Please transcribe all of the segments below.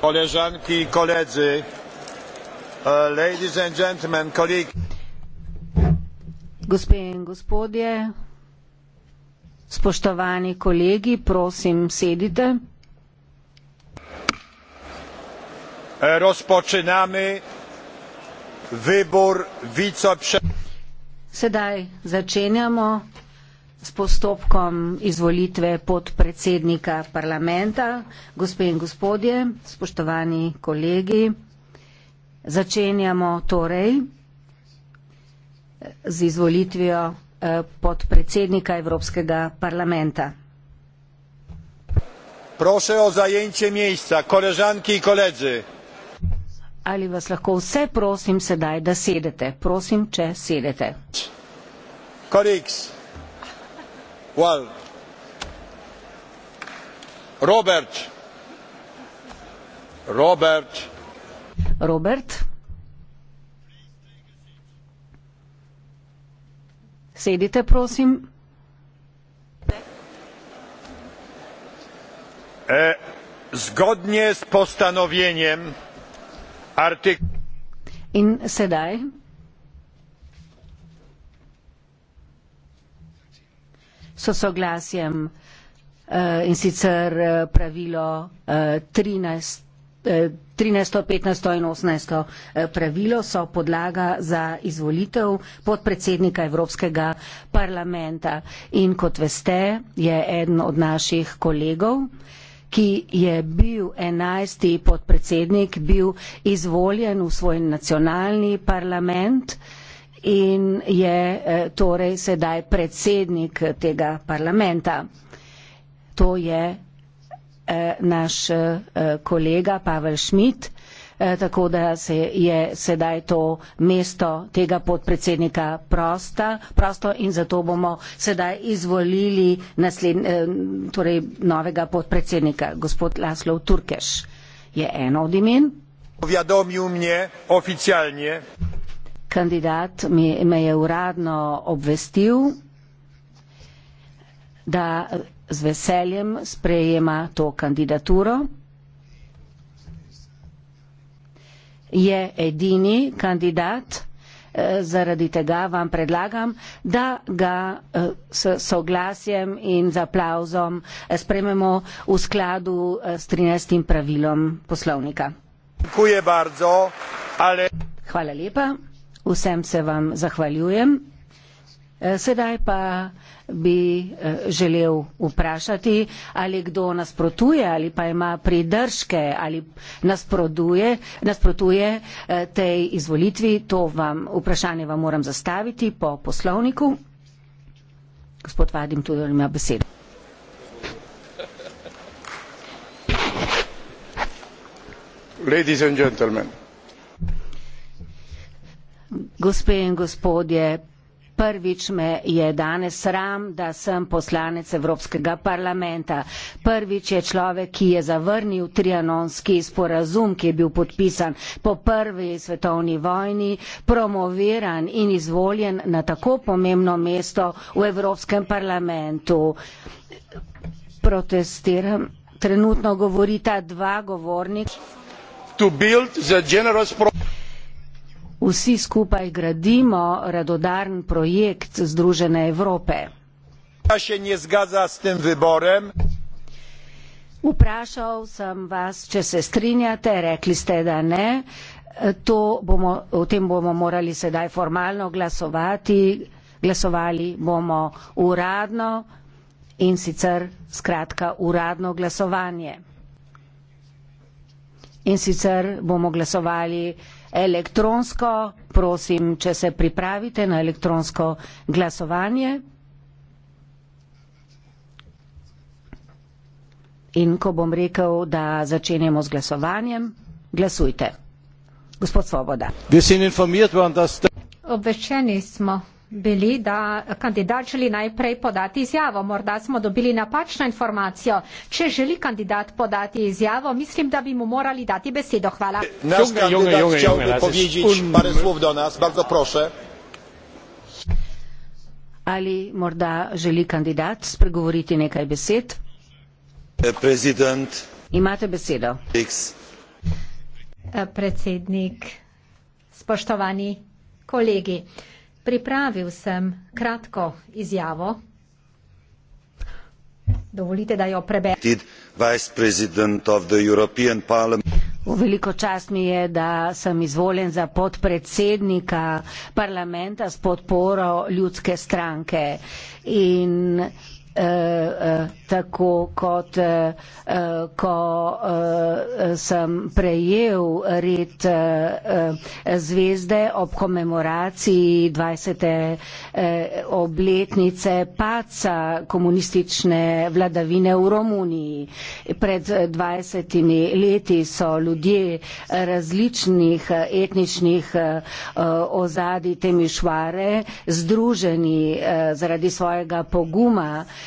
koleżanki i koledzy e, ladies and gentlemen colleagues Gospe in gospodje, spoštovani kolegi, prosim, sedite. E, Razpočinamo vybor viceprezidenta. Sedaj začenjamo s postopkom izvolitve podpredsednika parlamenta. Gospe in gospodje, spoštovani kolegi, začenjamo torej z izvolitvijo eh, podpredsednika Evropskega parlamenta. Prosim o zajemče mesta, koležanki in koledzi. Ali vas lahko vse prosim sedaj, da sedete? Prosim, če sedete. Koleks. Wall. Robert. Robert. Robert. Sedite, prosim. E, zgodnje s postanovljenjem artik... In sedaj s soglasjem eh, in sicer eh, pravilo 13. 13., 15. in 18. Eh, pravilo so podlaga za izvolitev podpredsednika Evropskega parlamenta. In kot veste, je eden od naših kolegov, ki je bil 11. podpredsednik, bil izvoljen v svoj nacionalni parlament uh, in je eh, torej sedaj predsednik tega parlamenta. To je eh, naš eh, kolega Pavel Šmit, tako da se je sedaj to mesto tega podpredsednika prosta, prosto in zato bomo sedaj izvolili naslednj, torej novega podpredsednika. Gospod Laslov Turkeš je eno od imen. Povjadomil mnje oficialnje kandidat me je uradno obvestil, da z veseljem sprejema to kandidaturo. Je edini kandidat, eh, zaradi tega vam predlagam, da ga eh, s soglasjem in z aplauzom eh, sprememo v skladu s 13. pravilom poslovnika. Hvala lepa. Vsem se vam zahvaljujem. E, sedaj pa bi e, želel vprašati, ali kdo nasprotuje ali pa ima pridržke ali nasprotuje, nasprotuje e, tej izvolitvi. To vam, vprašanje vam moram zastaviti po poslovniku. Gospod Vadim tudi ima besedo. Ladies and gentlemen, Gospe in gospodje, prvič me je danes sram, da sem poslanec Evropskega parlamenta. Prvič je človek, ki je zavrnil trianonski sporazum, ki je bil podpisan po prvi svetovni vojni, promoviran in izvoljen na tako pomembno mesto v Evropskem parlamentu. Protestiram. Trenutno govorita dva govornika vsi skupaj gradimo radodarn projekt Združene Evrope. Ja Vprašal sem vas, če se strinjate, rekli ste, da ne. Bomo, o tem bomo morali sedaj formalno glasovati, glasovali bomo uradno in sicer skratka uradno glasovanje. In sicer bomo glasovali elektronsko, prosim, če se pripravite na elektronsko glasovanje. In ko bom rekel, da začenjamo z glasovanjem, glasujte. Gospod Svoboda. Obveščeni smo bili, da kandidat želi najprej podati izjavo. Morda smo dobili napačno informacijo. Če želi kandidat podati izjavo, mislim, da bi mu morali dati besedo. Hvala. Naš kandidat chcel bi povedati par slov do nas. Bardzo proszę. Ali morda želi kandidat spregovoriti nekaj besed? President. Imate besedo. X. Predsednik, spoštovani kolegi. Pripravil sem kratko izjavo. Dovolite, da jo preberem. V veliko čast mi je, da sem izvoljen za podpredsednika parlamenta s podporo ljudske stranke. In Eh, eh, tako kot eh, eh, ko eh, sem prejel red eh, zvezde ob komemoraciji 20. Eh, obletnice paca komunistične vladavine v Romuniji. Pred 20. leti so ljudje različnih etničnih eh, ozadij temišvare združeni eh, zaradi svojega poguma eh,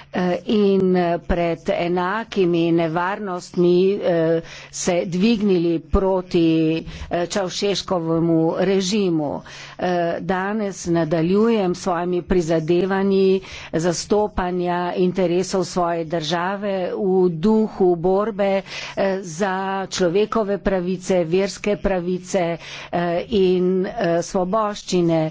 Eh, in eh, pred enakimi nevarnostmi eh, se dvignili proti Čavšeškovemu režimu. Danes nadaljujem svojimi prizadevanji zastopanja interesov svoje države v duhu borbe za človekove pravice, verske pravice in svoboščine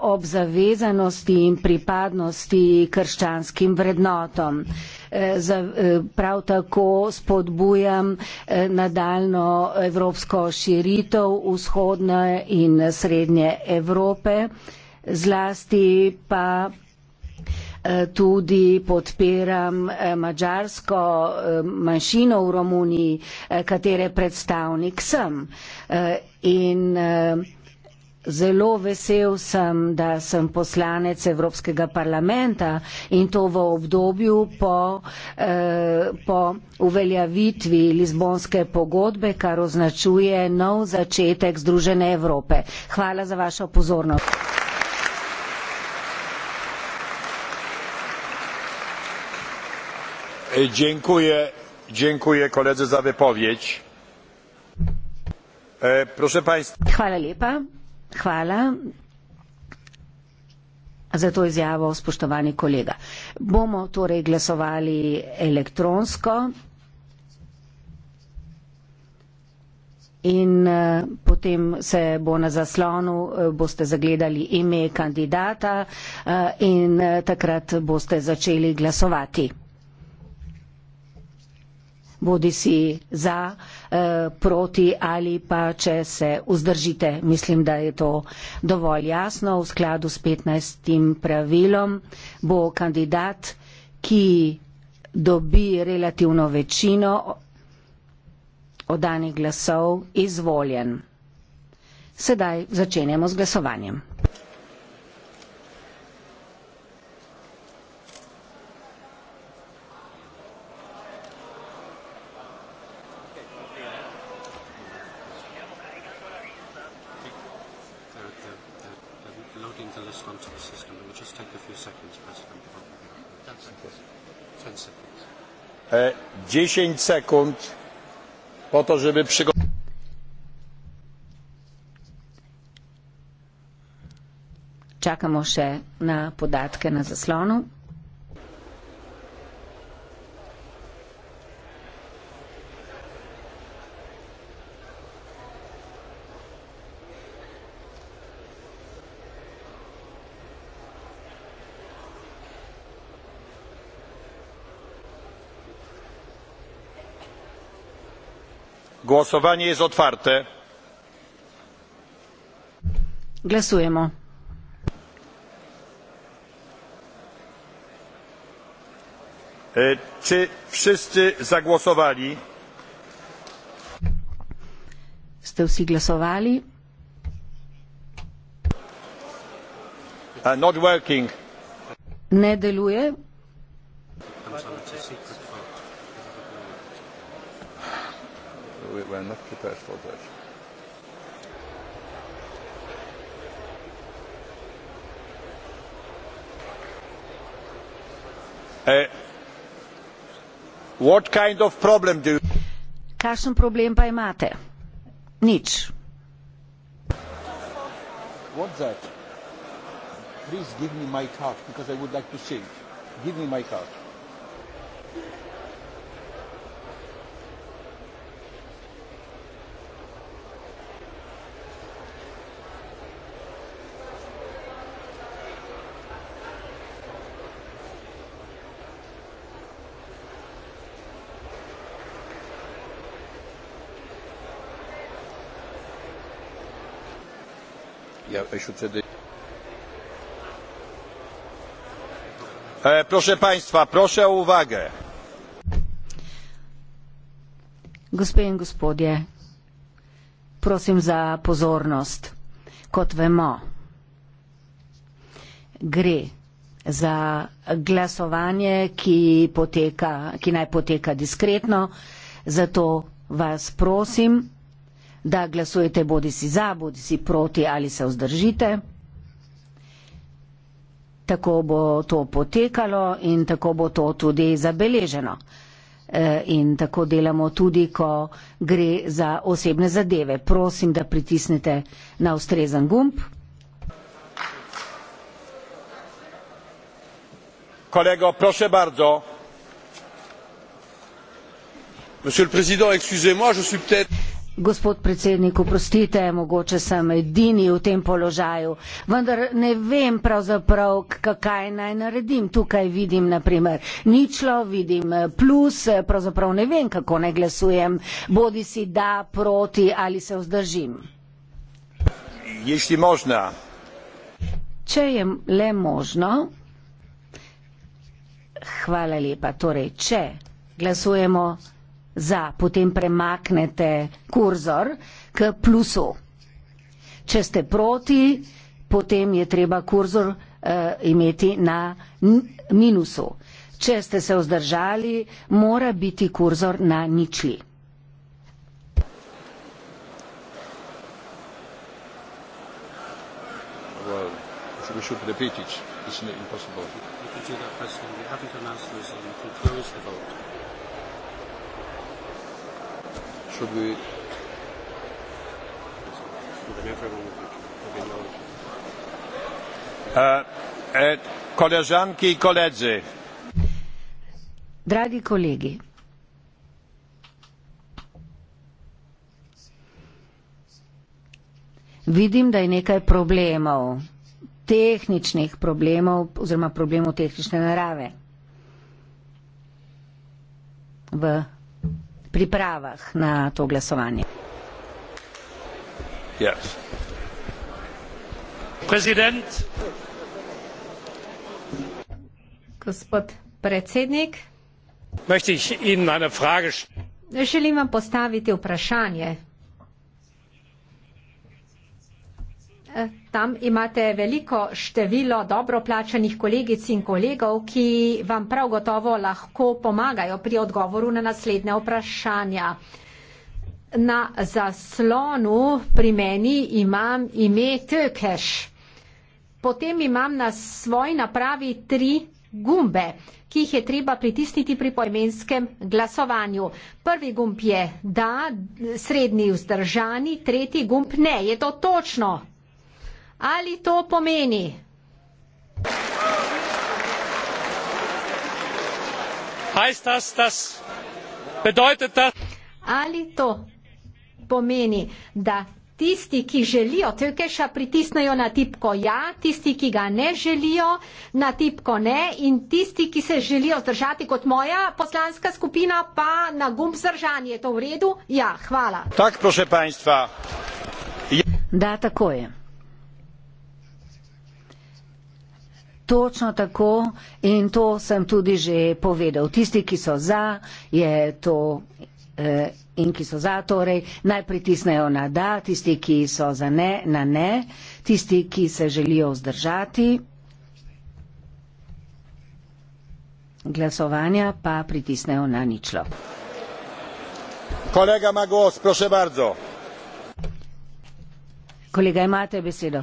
ob zavezanosti in pripadnosti krščanskim vrednotam vrednotom. E, e, prav tako spodbujam e, nadaljno evropsko širitev vzhodne in srednje Evrope, zlasti pa tudi podpiram mađarsko manjšino v Romuniji, katere predstavnik sem. In Zelo vesel sem, da sem poslanec Evropskega parlamenta in to v obdobju po, eh, po uveljavitvi Lizbonske pogodbe, kar označuje nov začetek Združene Evrope. Hvala za vašo pozornost. E, dziękuję, dziękuję koledze za wypowiedź. E, proszę państwa. Hvala lepa. Hvala za to izjavo, spoštovani kolega. Bomo torej glasovali elektronsko in eh, potem se bo na zaslonu, eh, boste zagledali ime kandidata eh, in takrat boste začeli glasovati bodi si za, eh, proti ali pa če se vzdržite. Mislim, da je to dovolj jasno. V skladu s 15. pravilom bo kandidat, ki dobi relativno večino odanih glasov, izvoljen. Sedaj začenjamo z glasovanjem. dziesięć sekund po to żeby przygotować głosowanie jest otwarte głosujemy e, czy wszyscy zagłosowali ste vsi glasovali not working ne deluje rendnek kitart fordulás. E, what kind of problem do you... Kakšen problem pa imate? Nič. What that? Please give me my card, because I would like to sing. Give me my card. i should say the proszę państwa proszę o uwagę gospe in gospodje prosim za pozornost kot vemo gre za glasovanje ki poteka ki naj poteka diskretno zato vas prosim da glasujete bodi si za, bodi si proti ali se vzdržite. Tako bo to potekalo in tako bo to tudi zabeleženo. E, in tako delamo tudi, ko gre za osebne zadeve. Prosim, da pritisnete na ustrezen gumb. Kolego, proše bardzo. Monsieur le Président, excusez-moi, je suis peut-être. Gospod predsednik, oprostite, mogoče sem edini v tem položaju, vendar ne vem pravzaprav, kaj naj naredim. Tukaj vidim naprimer ničlo, vidim eh, plus, eh, pravzaprav ne vem, kako naj glasujem, bodi si da, proti ali se vzdržim. Možna. Če je le možno, hvala lepa, torej če glasujemo za, potem premaknete kurzor k plusu. Če ste proti, potem je treba kurzor uh, imeti na minusu. Če ste se vzdržali, mora biti kurzor na ničli. Well, should we? Uh, eh, koležanki in koledzi. Dragi kolegi, vidim, da je nekaj problemov, tehničnih problemov oziroma problemov tehnične narave v pripravah na to glasovanje. Predsednik. Gospod predsednik. Želim vam postaviti vprašanje. tam imate veliko število dobro plačanih kolegic in kolegov, ki vam prav gotovo lahko pomagajo pri odgovoru na naslednje vprašanja. Na zaslonu pri meni imam ime Tökeš. Potem imam na svoj napravi tri gumbe, ki jih je treba pritisniti pri poimenskem glasovanju. Prvi gumb je da, srednji vzdržani, tretji gumb ne. Je to točno? Ali to pomeni? Heißt das, das bedeutet das? Ali to pomeni, da tisti, ki želijo, tukajša pritisnejo na tipko ja, tisti, ki ga ne želijo, na tipko ne in tisti, ki se želijo zdržati kot moja poslanska skupina, pa na gumb zdržanje. To v redu? Ja, hvala. Tak, prosim, panjstva. Ja. Da, tako je. Točno tako in to sem tudi že povedal. Tisti, ki so za, je to. Eh, in ki so za, torej naj pritisnejo na da, tisti, ki so za ne, na ne, tisti, ki se želijo vzdržati glasovanja, pa pritisnejo na ničlo. Kolega Magos, prosim, bardzo. Kolega, imate besedo.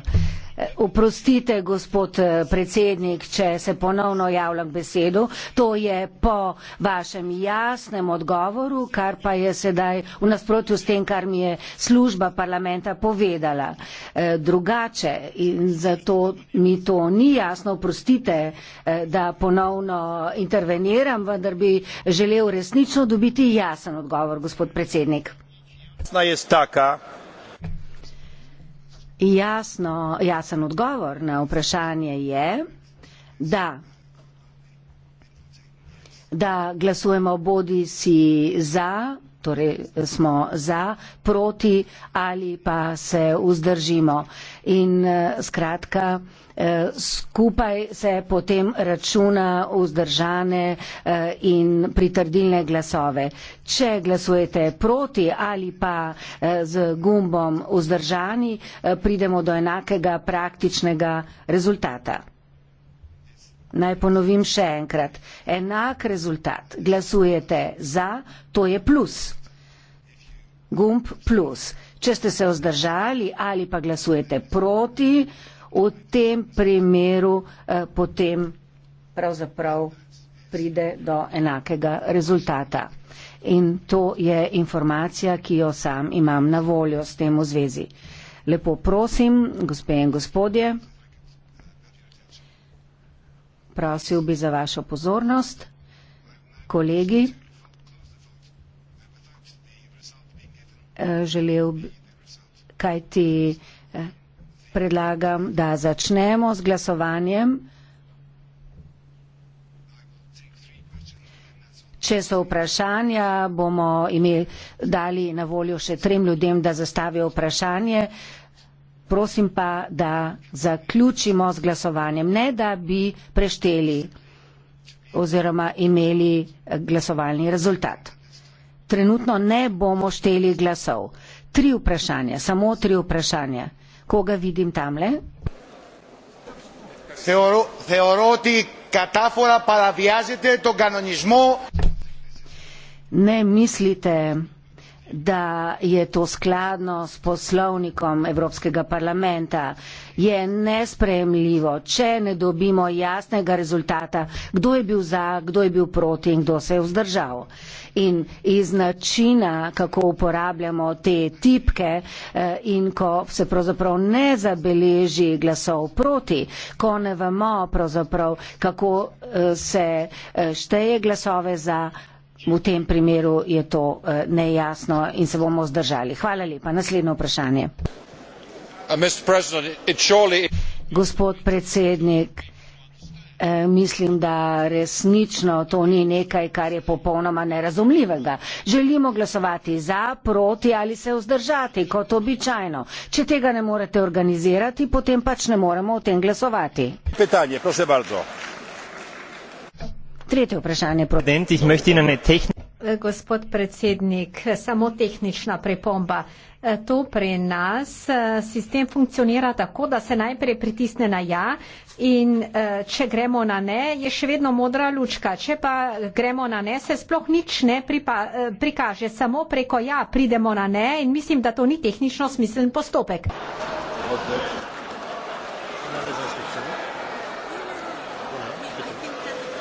Oprostite, gospod eh, predsednik, če se ponovno javljam besedo. To je po vašem jasnem odgovoru, kar pa je sedaj v nasprotju s tem, kar mi je služba parlamenta povedala. Eh, drugače in zato mi to ni jasno, oprostite, eh, da ponovno interveniram, vendar bi želel resnično dobiti jasen odgovor, gospod predsednik. Jasno, jasen odgovor na vprašanje je, da, da glasujemo bodi si za torej smo za, proti ali pa se vzdržimo. In eh, skratka, eh, skupaj se potem računa vzdržane eh, in pritrdilne glasove. Če glasujete proti ali pa z gumbom vzdržani, pridemo do enakega praktičnega rezultata. Naj ponovim še enkrat. Enak rezultat. Glasujete za, to je plus. Gumb plus. Če ste se vzdržali ali pa glasujete proti, v tem primeru eh, potem pravzaprav pride do enakega rezultata. In to je informacija, ki jo sam imam na voljo s tem v zvezi. Lepo prosim, gospe in gospodje. Prosil bi za vašo pozornost. Kolegi, eh, želel bi, kaj ti eh, predlagam, da začnemo z glasovanjem. Če so vprašanja, bomo imeli, dali na voljo še trem ljudem, da zastavijo vprašanje. Uh, prosim pa, da zaključimo z glasovanjem, ne da bi prešteli oziroma imeli eh, glasovalni rezultat. Trenutno ne bomo šteli glasov. Tri vprašanja, samo tri vprašanja. Koga vidim tamle? Ne mislite, da je to skladno s poslovnikom Evropskega parlamenta. Je nespremljivo, če ne dobimo jasnega rezultata, kdo je bil za, kdo je bil proti in kdo se je vzdržal. In iz načina, kako uporabljamo te tipke eh, in ko se pravzaprav ne zabeleži glasov proti, ko ne vemo pravzaprav, kako eh, se eh, šteje glasove za V tem primeru je to eh, nejasno in se bomo zdržali. Hvala lepa. Naslednje vprašanje. Uh, Gospod predsednik, eh, mislim, da resnično to ni nekaj, kar je popolnoma nerazumljivega. Želimo glasovati za, proti ali se vzdržati, kot običajno. Če tega ne morete organizirati, potem pač ne moremo o tem glasovati. Petanje, prosim, bardzo. Tretje vprašanje, prosim. Eh, gospod predsednik, eh, samo tehnična pripomba. Eh, to pri nas sistem funkcionira tako, da se najprej pritisne na ja in če gremo na ne, je še vedno modra lučka. Če pa gremo na ne, se sploh nič ne pripa, prikaže. Samo preko ja pridemo na ne in mislim, da to ni tehnično smislen postopek. Okay.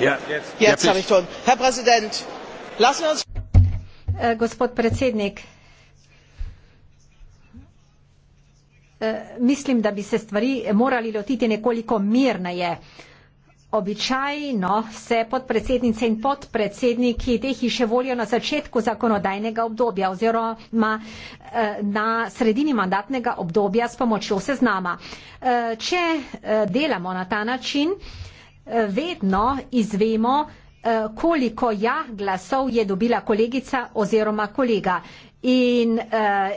Ja. Äh, gospod predsednik äh, mislim da bi se stvari morali lotiti nekoliko mirneje običajno se podpredsednice in podpredsedniki te hiše volijo na začetku zakonodajnega obdobja oziroma eh, na sredini mandatnega obdobja s pomočjo seznama eh, če eh, delamo na ta način vedno izvemo, eh, koliko ja glasov je dobila kolegica oziroma kolega. In eh,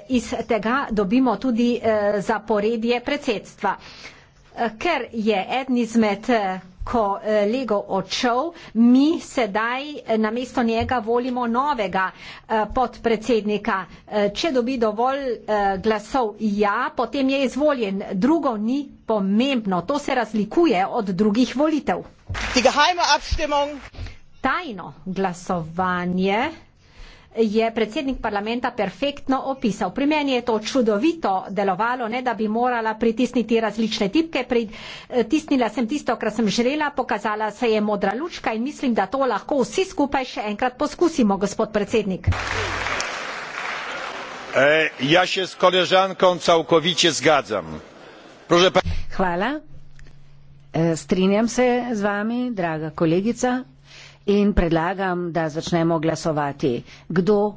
iz tega dobimo tudi eh, zaporedje predsedstva. Ker je eden izmed ko eh, Lego odšel, mi sedaj eh, namesto njega volimo novega eh, podpredsednika. Če dobi dovolj glasov ja, potem je izvoljen. Drugo ni pomembno. To se razlikuje od drugih volitev. Tajno glasovanje je predsednik parlamenta perfektno opisal. Pri meni je to čudovito delovalo, ne da bi morala pritisniti različne tipke. Pritisnila eh, sem tisto, kar sem želela, pokazala se je modra lučka in mislim, da to lahko vsi skupaj še enkrat poskusimo, gospod predsednik. E, ja se s koležanko celkovite zgadzam. Pa... Hvala. E, strinjam se z vami, draga kolegica in predlagam, da začnemo glasovati. Kdo,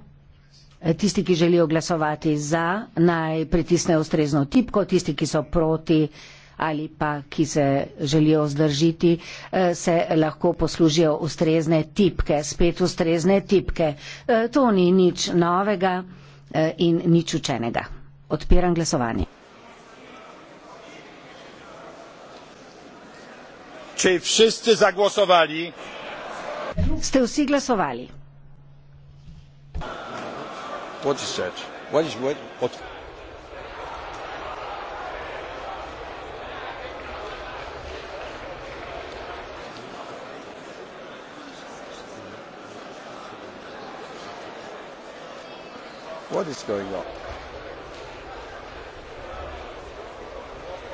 eh, tisti, ki želijo glasovati za, naj pritisne ustrezno tipko, tisti, ki so proti ali pa ki se želijo zdržiti, eh, se lahko poslužijo ustrezne tipke, spet ustrezne tipke. Eh, to ni nič novega in nič učenega. Odpiram glasovanje. Če vsi zagosovali, ste vsi glasovali. What is that? What is what? what? What is going on?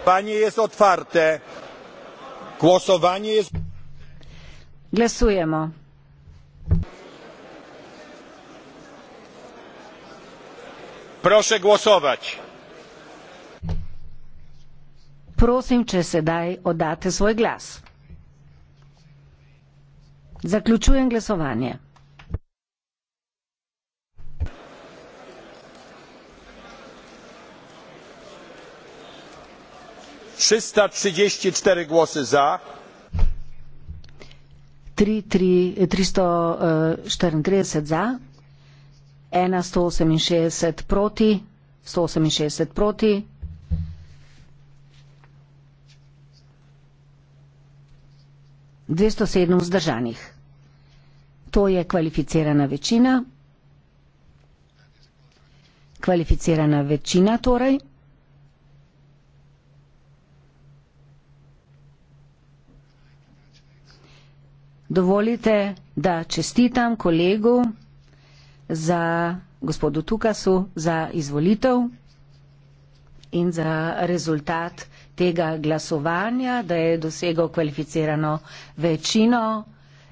Panie jest otwarte. Głosowanie jest. Glasujemo. Proszę głosować. Prosim, czy sedaj oddate swój głos. Zakluczuję głosowanie. Trzysta trzydzieści cztery głosy za. 334 eh, eh, za, 1 168 proti, 168 proti. dvesto sedem vzdržanih. To je kvalificirana večina. Kvalificirana večina torej. dovolite, da čestitam kolegu za gospodu Tukasu za izvolitev in za rezultat tega glasovanja, da je dosegel kvalificirano večino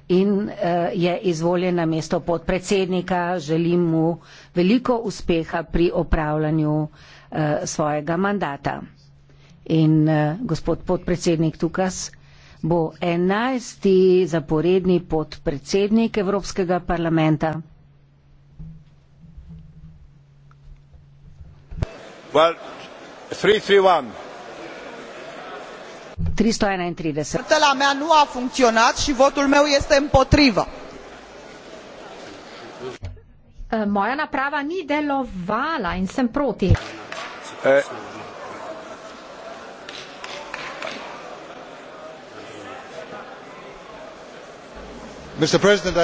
in eh, je izvoljen na mesto podpredsednika. Želim mu veliko uspeha pri opravljanju eh, svojega mandata. In eh, gospod podpredsednik Tukas, bo enajsti zaporedni podpredsednik Evropskega parlamenta. Well, 331. 331. Moja naprava ni delovala in sem proti. Eh, mr president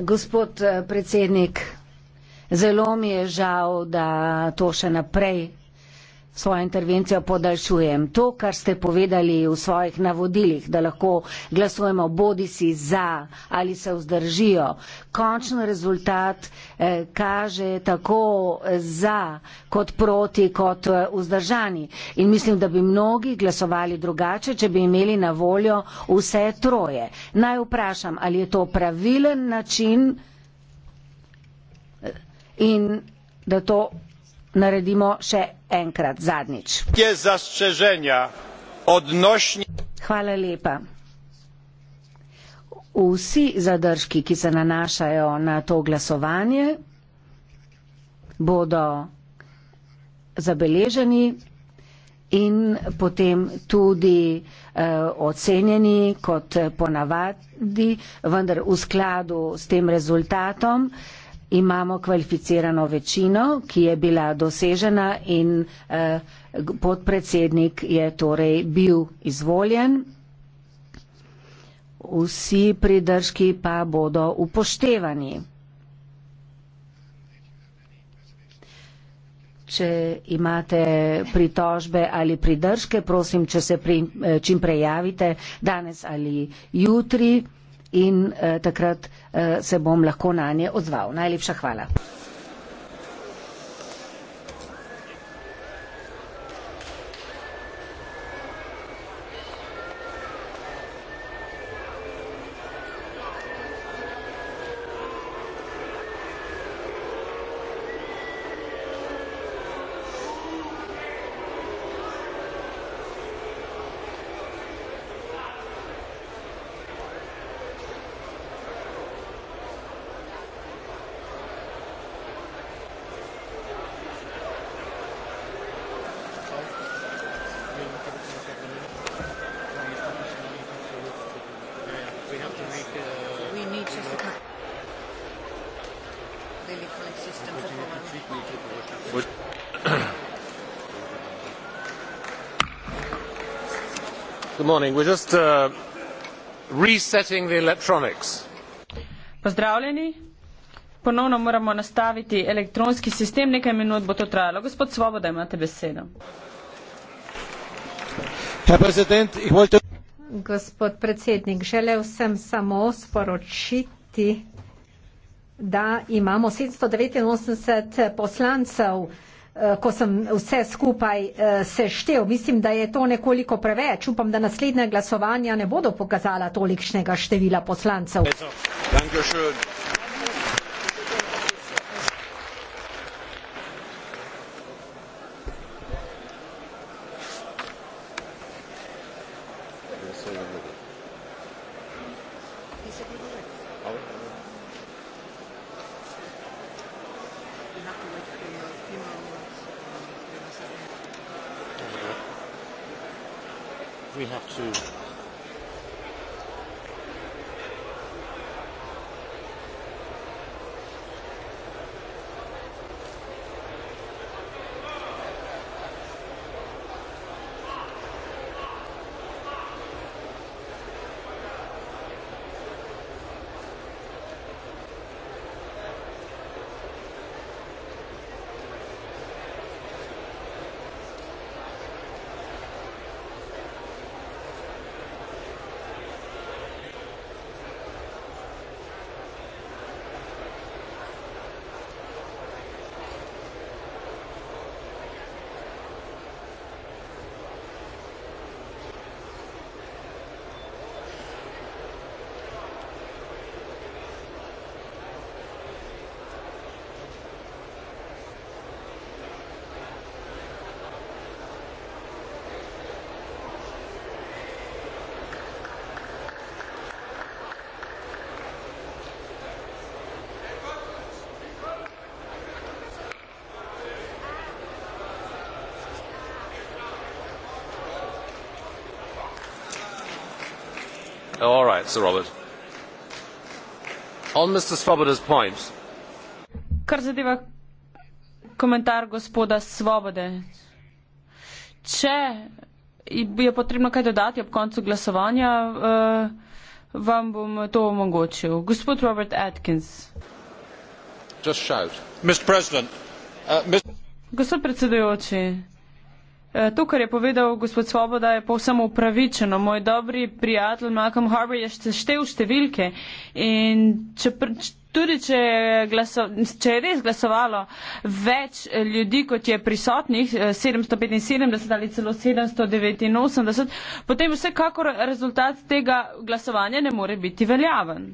gospod uh, predsednik zelo mi je žal da to še naprej svojo intervencijo podaljšujem. To, kar ste povedali v svojih navodilih, da lahko glasujemo bodi si za ali se vzdržijo, končen rezultat eh, kaže tako za kot proti kot eh, vzdržani. In mislim, da bi mnogi glasovali drugače, če bi imeli na voljo vse troje. Naj vprašam, ali je to pravilen način eh, in da to naredimo še enkrat zadnjič. Hvala lepa. Vsi zadržki, ki se nanašajo na to glasovanje, bodo zabeleženi in potem tudi eh, ocenjeni kot ponavadi, vendar v skladu s tem rezultatom. Eh, imamo kvalificirano večino, ki je bila dosežena in eh, podpredsednik je torej bil izvoljen. Vsi pridržki pa bodo upoštevani. Če imate pritožbe ali pridržke, prosim, če se pri, eh, čim prejavite danes ali jutri in eh, takrat eh, se bom lahko na nje odzval. Najlepša hvala. Uh, Pozdravljeni. Ponovno moramo nastaviti elektronski sistem, nekaj minut bo to trajalo. Gospod Svoboda, imate besedo. Gospod predsednik, želel sem samo sporočiti, da imamo 789 poslancev. Eh, ko sem vse skupaj eh, seštev. Mislim, da je to nekoliko preveč. Upam, da naslednje glasovanja ne bodo pokazala tolikšnega števila poslancev. Hvala. right sir robert. on mr swoboda's point kar zadeva komentar gospoda svobode če je potrebno kaj dodati ob koncu glasovanja uh, vam bom to omogočil gospod robert atkins just shout mr president uh, mr gospod predsedujoči Eh, to, kar je povedal gospod Svoboda, je povsem upravičeno. Moj dobri prijatelj Malcolm Harvey je seštevil številke in če pr... tudi če je, glaso... če je res glasovalo več eh, ljudi, kot je prisotnih, 775 eh, ali celo 789, potem vsekakor rezultat tega glasovanja ne more biti veljaven.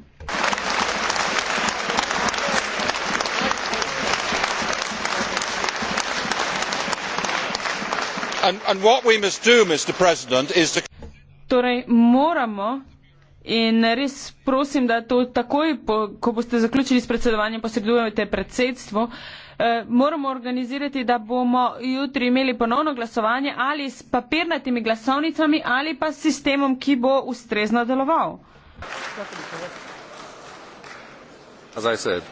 Torej moramo in res prosim, da to takoj, po, ko boste zaključili s predsedovanjem, posredujete predsedstvo. Eh, moramo organizirati, da bomo jutri imeli ponovno glasovanje ali s papirnatimi glasovnicami ali pa s sistemom, ki bo ustrezno deloval. As I said,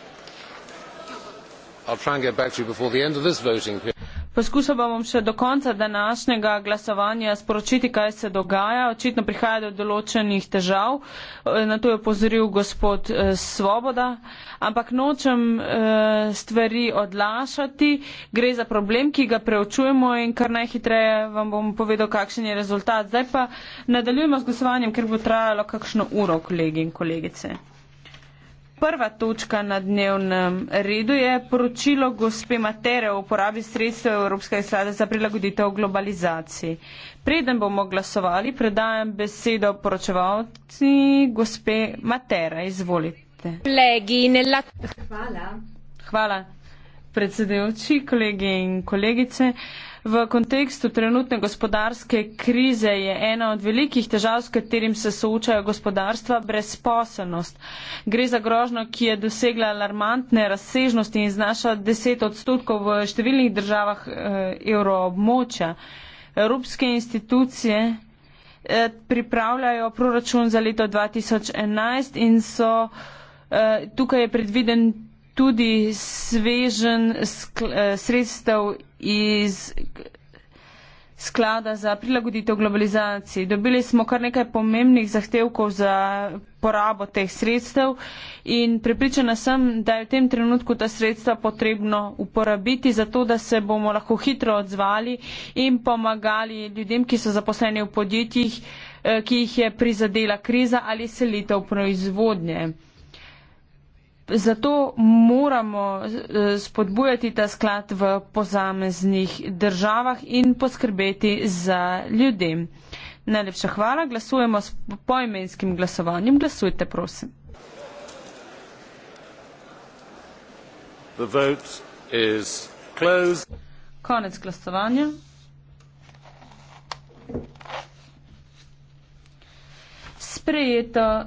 I'll try and get back to you before the end of this voting period. Poskušal bom še do konca današnjega glasovanja sporočiti, kaj se dogaja. Očitno prihaja do določenih težav. Eh, na to je opozoril gospod eh, Svoboda. Ampak nočem eh, stvari odlašati. Gre za problem, ki ga preučujemo in kar najhitreje vam bom povedal, kakšen je rezultat. Zdaj pa nadaljujemo z glasovanjem, ker bo trajalo kakšno uro, kolegi in kolegice. Prva točka na dnevnem redu je poročilo gospe Matere o uporabi sredstev Evropskega sklada za prilagoditev globalizaciji. Preden bomo glasovali, predajam besedo poročevalci gospe Matera. Izvolite. Hvala. Hvala, predsedujoči, kolegi in kolegice. Uh, V kontekstu trenutne gospodarske krize je ena od velikih težav, s katerim se soočajo gospodarstva, brezposelnost. Gre za grožno, ki je dosegla alarmantne razsežnosti in znaša 10 odstotkov v številnih državah eh, evroobmočja. Evropske institucije eh, pripravljajo proračun za leto 2011 in so eh, tukaj predviden tudi svežen sredstev iz sklada za prilagoditev globalizaciji. Dobili smo kar nekaj pomembnih zahtevkov za porabo teh sredstev in pripričana sem, da je v tem trenutku ta sredstva potrebno uporabiti za to, da se bomo lahko hitro odzvali in pomagali ljudem, ki so zaposleni v podjetjih, eh, ki jih je prizadela kriza ali selitev proizvodnje zato moramo eh, spodbujati ta sklad v pozameznih državah in poskrbeti za ljudi. Najlepša hvala, glasujemo s poimenskim glasovanjem. Glasujte, prosim. Konec glasovanja. Sprejeto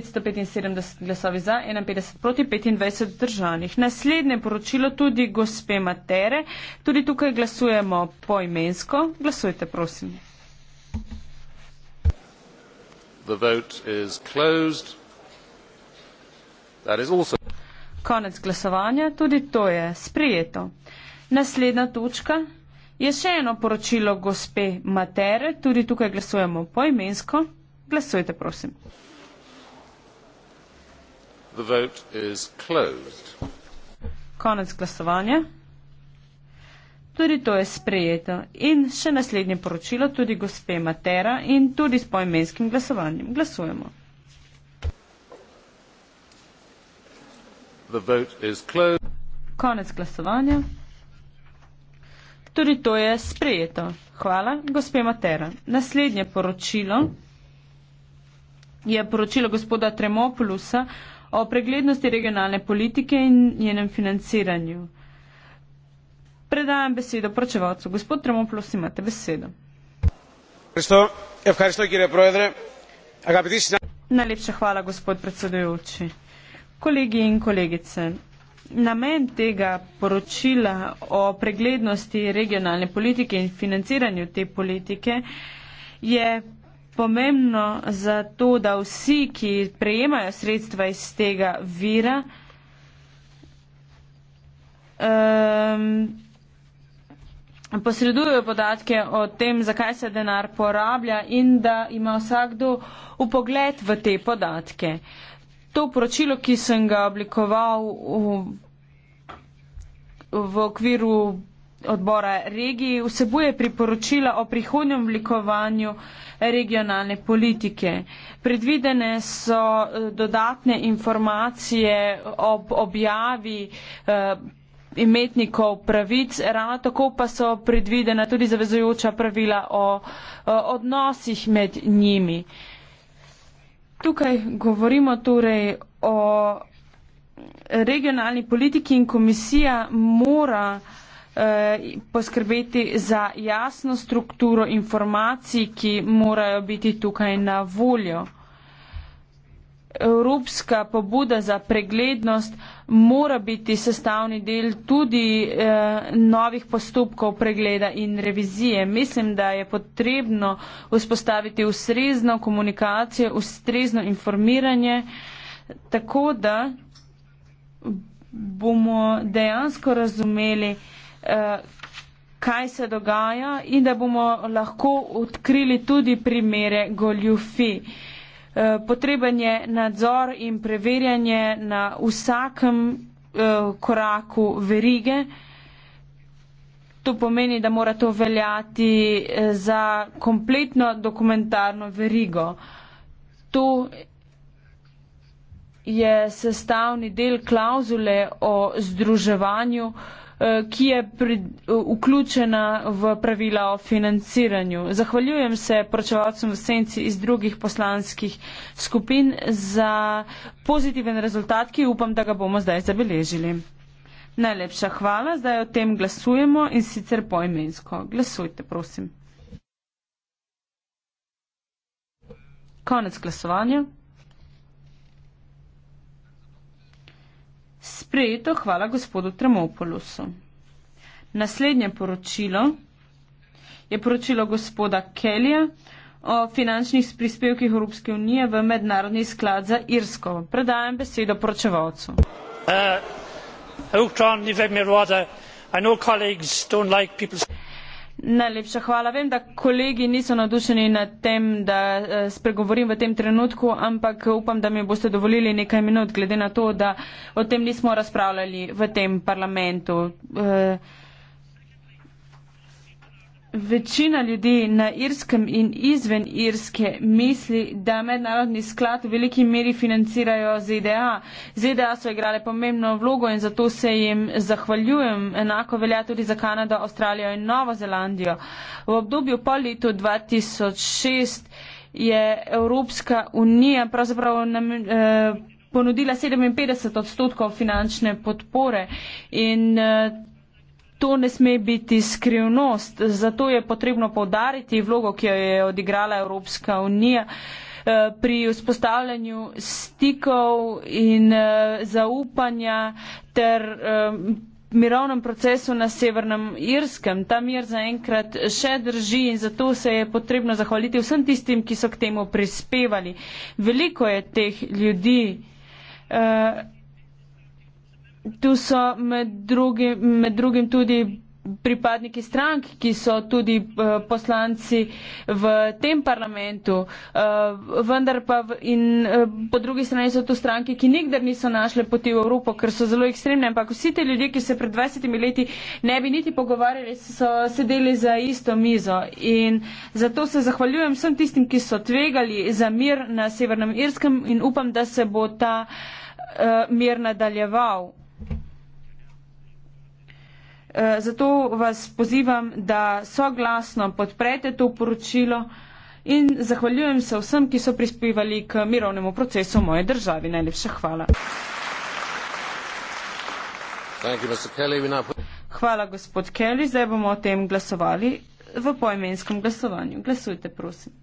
575 glasovi za, 51 proti, 25 državnih. Naslednje poročilo tudi gospe Matere. Tudi tukaj glasujemo poimensko. Glasujte, prosim. Konec glasovanja, tudi to je sprijeto. Naslednja točka je še eno poročilo gospe Matere, tudi tukaj glasujemo poimensko. Glasujte, prosim. Konec glasovanja. Tudi to je sprejeto. In še naslednje poročilo, tudi gospe Matera in tudi s poimenskim glasovanjem. Glasujemo. Konec glasovanja. Tudi to je sprejeto. Hvala, gospe Matera. Naslednje poročilo je poročilo gospoda Tremopulusa o preglednosti regionalne politike in njenem financiranju. Predajam besedo pročevalcu. Gospod Tremoplos, imate besedo. Najlepša hvala, gospod predsedujoči. Kolegi in kolegice, namen tega poročila o preglednosti regionalne politike in financiranju te politike je pomembno za to, da vsi, ki prejemajo sredstva iz tega vira, um, posredujejo podatke o tem, zakaj se denar porablja in da ima vsakdo upogled v te podatke. To poročilo, ki sem ga oblikoval v, v okviru odbora regiji, vsebuje priporočila o prihodnjem oblikovanju regionalne politike. Predvidene so eh, dodatne informacije ob objavi eh, imetnikov pravic, ravno tako pa so predvidena tudi zavezujoča pravila o eh, odnosih med njimi. Tukaj govorimo torej o regionalni politiki in komisija mora Eh, poskrbeti za jasno strukturo informacij, ki morajo biti tukaj na voljo. Evropska pobuda za preglednost mora biti sestavni del tudi eh, novih postopkov pregleda in revizije. Mislim, da je potrebno vzpostaviti ustrezno komunikacijo, ustrezno informiranje, tako da bomo dejansko razumeli, eh, Eh, kaj se dogaja in da bomo lahko odkrili tudi primere goljufi. Eh, potreben je nadzor in preverjanje na vsakem eh, koraku verige. To pomeni, da mora to veljati za kompletno dokumentarno verigo. To je sestavni del klauzule o združevanju uh, Eh, ki je pri, eh, vključena v pravila o financiranju. Zahvaljujem se poročevalcem v senci iz drugih poslanskih skupin za pozitiven rezultat, ki upam, da ga bomo zdaj zabeležili. Najlepša hvala. Zdaj o tem glasujemo in sicer poimensko. Glasujte, prosim. Konec glasovanja. Sprejeto hvala gospodu Tremopolusu. Naslednje poročilo je poročilo gospoda Kelija o finančnih prispevkih Evropske unije v mednarodni sklad za Irsko. Predajam besedo poročevalcu. Uh, Najlepša hvala. Vem, da kolegi niso nadušeni nad tem, da eh, spregovorim v tem trenutku, ampak upam, da mi boste dovolili nekaj minut, glede na to, da o tem nismo razpravljali v tem parlamentu. E, Večina ljudi na Irskem in izven Irske misli, da mednarodni sklad v veliki meri financirajo ZDA. ZDA so igrale pomembno vlogo in zato se jim zahvaljujem. Enako velja tudi za Kanado, Avstralijo in Novo Zelandijo. V obdobju po letu 2006 je Evropska unija pravzaprav nam, eh, ponudila 57 odstotkov finančne podpore. In, eh, to ne sme biti skrivnost. Zato je potrebno povdariti vlogo, ki jo je odigrala Evropska unija eh, pri vzpostavljanju stikov in eh, zaupanja ter eh, mirovnem procesu na Severnem Irskem. Ta mir zaenkrat še drži in zato se je potrebno zahvaliti vsem tistim, ki so k temu prispevali. Veliko je teh ljudi. Uh, Tu so med drugim, med drugim tudi pripadniki strank, ki so tudi eh, poslanci v tem parlamentu, eh, vendar pa in eh, po drugi strani so tu stranke, ki nikdar niso našle poti v Evropo, ker so zelo ekstremne, ampak vsi ti ljudje, ki se pred 20 leti ne bi niti pogovarjali, so sedeli za isto mizo in zato se zahvaljujem vsem tistim, ki so tvegali za mir na Severnem Irskem in upam, da se bo ta mir nadaljeval. Eh, zato vas pozivam, da soglasno podprete to poročilo in zahvaljujem se vsem, ki so prispevali k mirovnemu procesu v moje državi. Najlepša hvala. Hvala, gospod Kelly. Zdaj bomo o tem glasovali v poimenskem glasovanju. Glasujte, prosim.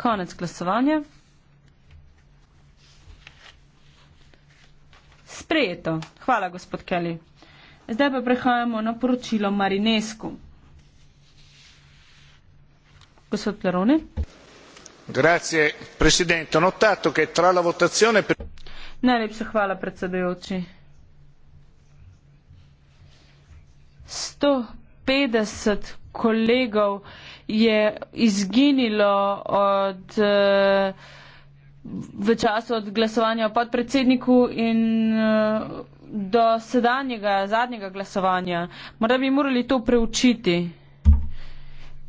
Konec glasovanja. Sprejeto. Hvala, gospod Kelly. Zdaj pa prehajamo na poročilo Marinesku. Gospod Plerone. Grazie, presidente. Notato, che tra la votazione... Najlepša hvala, predsedujoči. 150 kolegov je izginilo od... Uh, v času od glasovanja o podpredsedniku in eh, do sedanjega, zadnjega glasovanja. Morda bi morali to preučiti.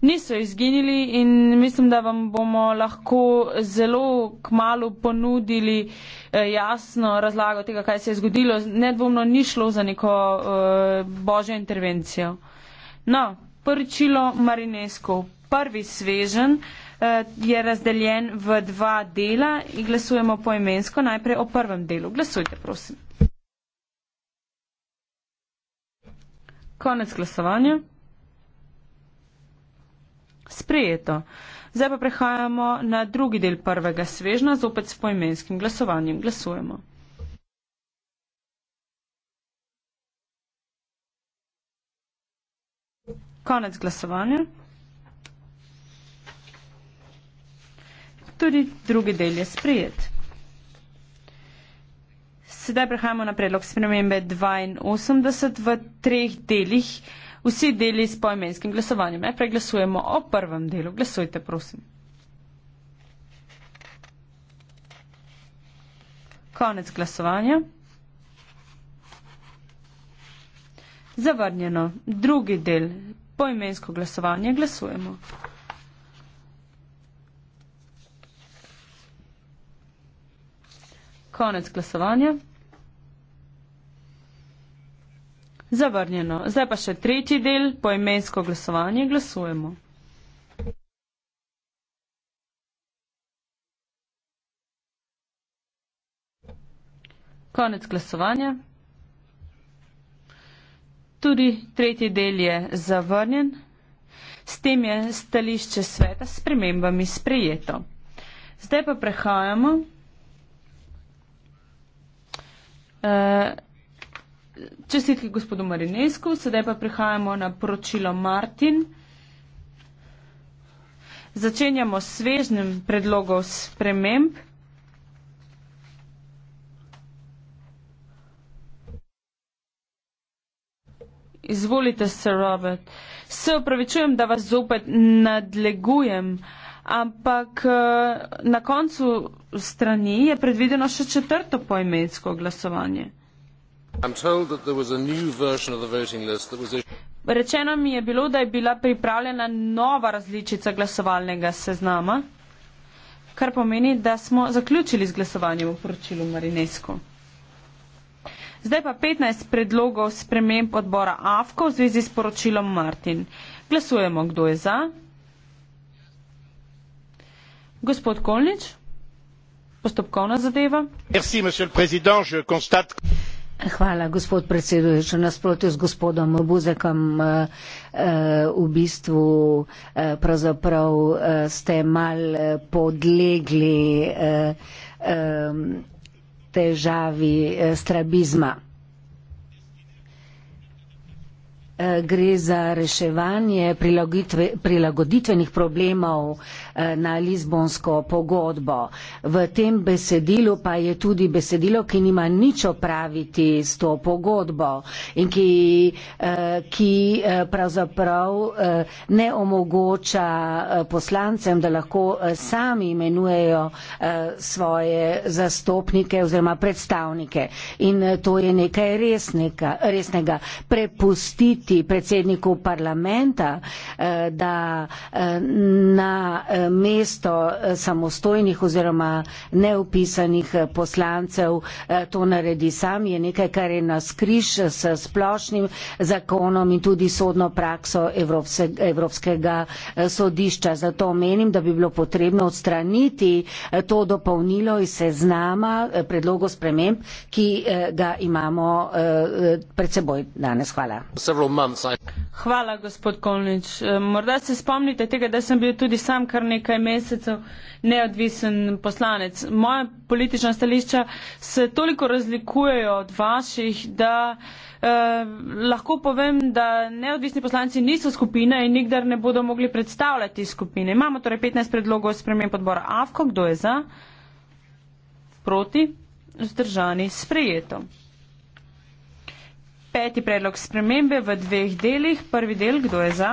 Niso izginili in mislim, da vam bomo lahko zelo kmalo ponudili eh, jasno razlago tega, kaj se je zgodilo. Nedvomno ni šlo za neko eh, božjo intervencijo. No, prvičilo Marinesko, prvi svežen. Eh, je razdeljen v dva dela in glasujemo poimensko najprej o prvem delu. Glasujte, prosim. Konec glasovanja. Sprejeto. Zdaj pa prehajamo na drugi del prvega svežna, zopet s poimenskim glasovanjem. Glasujemo. Konec glasovanja. Tudi drugi del je sprejet. Sedaj prehajamo na predlog spremembe 82 v treh delih. Vsi deli s poimenskim glasovanjem. Najprej glasujemo o prvem delu. Glasujte, prosim. Konec glasovanja. Zavrnjeno. Drugi del. Poimensko glasovanje. Glasujemo. Glasujemo. konec glasovanja. Zavrnjeno. Zdaj pa še tretji del, poimensko glasovanje, glasujemo. Konec glasovanja. Tudi tretji del je zavrnjen. S tem je stališče sveta s premembami sprejeto. Zdaj pa prehajamo Uh, čestitke gospodu Marinesku, sedaj pa prihajamo na poročilo Martin. Začenjamo s svežnim predlogom sprememb. Izvolite, sir Robert. Se upravičujem, da vas zopet nadlegujem. Uh, ampak eh, na koncu strani je predvideno še četrto poimensko glasovanje. Rečeno mi je bilo, da je bila pripravljena nova različica glasovalnega seznama, kar pomeni, da smo zaključili z glasovanjem v poročilu Marinesko. Zdaj pa 15 predlogov sprememb odbora AFKO v zvezi s poročilom Martin. Glasujemo, kdo je za gospod predsedujoči v nasprotju z gospodom buzekom eh, eh, v bistvu eh, pravzaprav ste mal podlegli težavi strabizma. Eh, gre za reševanje prilagoditvenih problemov eh, na Lizbonsko pogodbo. V tem besedilu pa je tudi besedilo, ki nima nič opraviti s to pogodbo in ki, eh, ki pravzaprav ne omogoča poslancem, da lahko sami imenujejo svoje zastopnike oziroma predstavnike. In to je nekaj resnega. resnega. Prepustiti očitati predsedniku parlamenta, eh, da eh, na eh, mesto samostojnih oziroma neupisanih poslancev to naredi sam, je nekaj, kar je naskriž s splošnim zakonom in tudi sodno prakso Evropskega sodišča. Zato menim, da bi bilo potrebno odstraniti to dopolnilo iz seznama predlogo sprememb, ki ga imamo pred seboj danes. Hvala months, I... Hvala, gospod Kolnič. E, morda se spomnite tega, da sem bil tudi sam kar nekaj mesecev neodvisen poslanec. Moje politična stališča se toliko razlikujejo od vaših, da eh, lahko povem, da neodvisni poslanci niso skupina in nikdar ne bodo mogli predstavljati skupine. Imamo torej 15 predlogov spremem podbora AFKO. Kdo je za? Proti? Zdržani? Sprejeto. Peti predlog spremembe v dveh delih. Prvi del, kdo je za,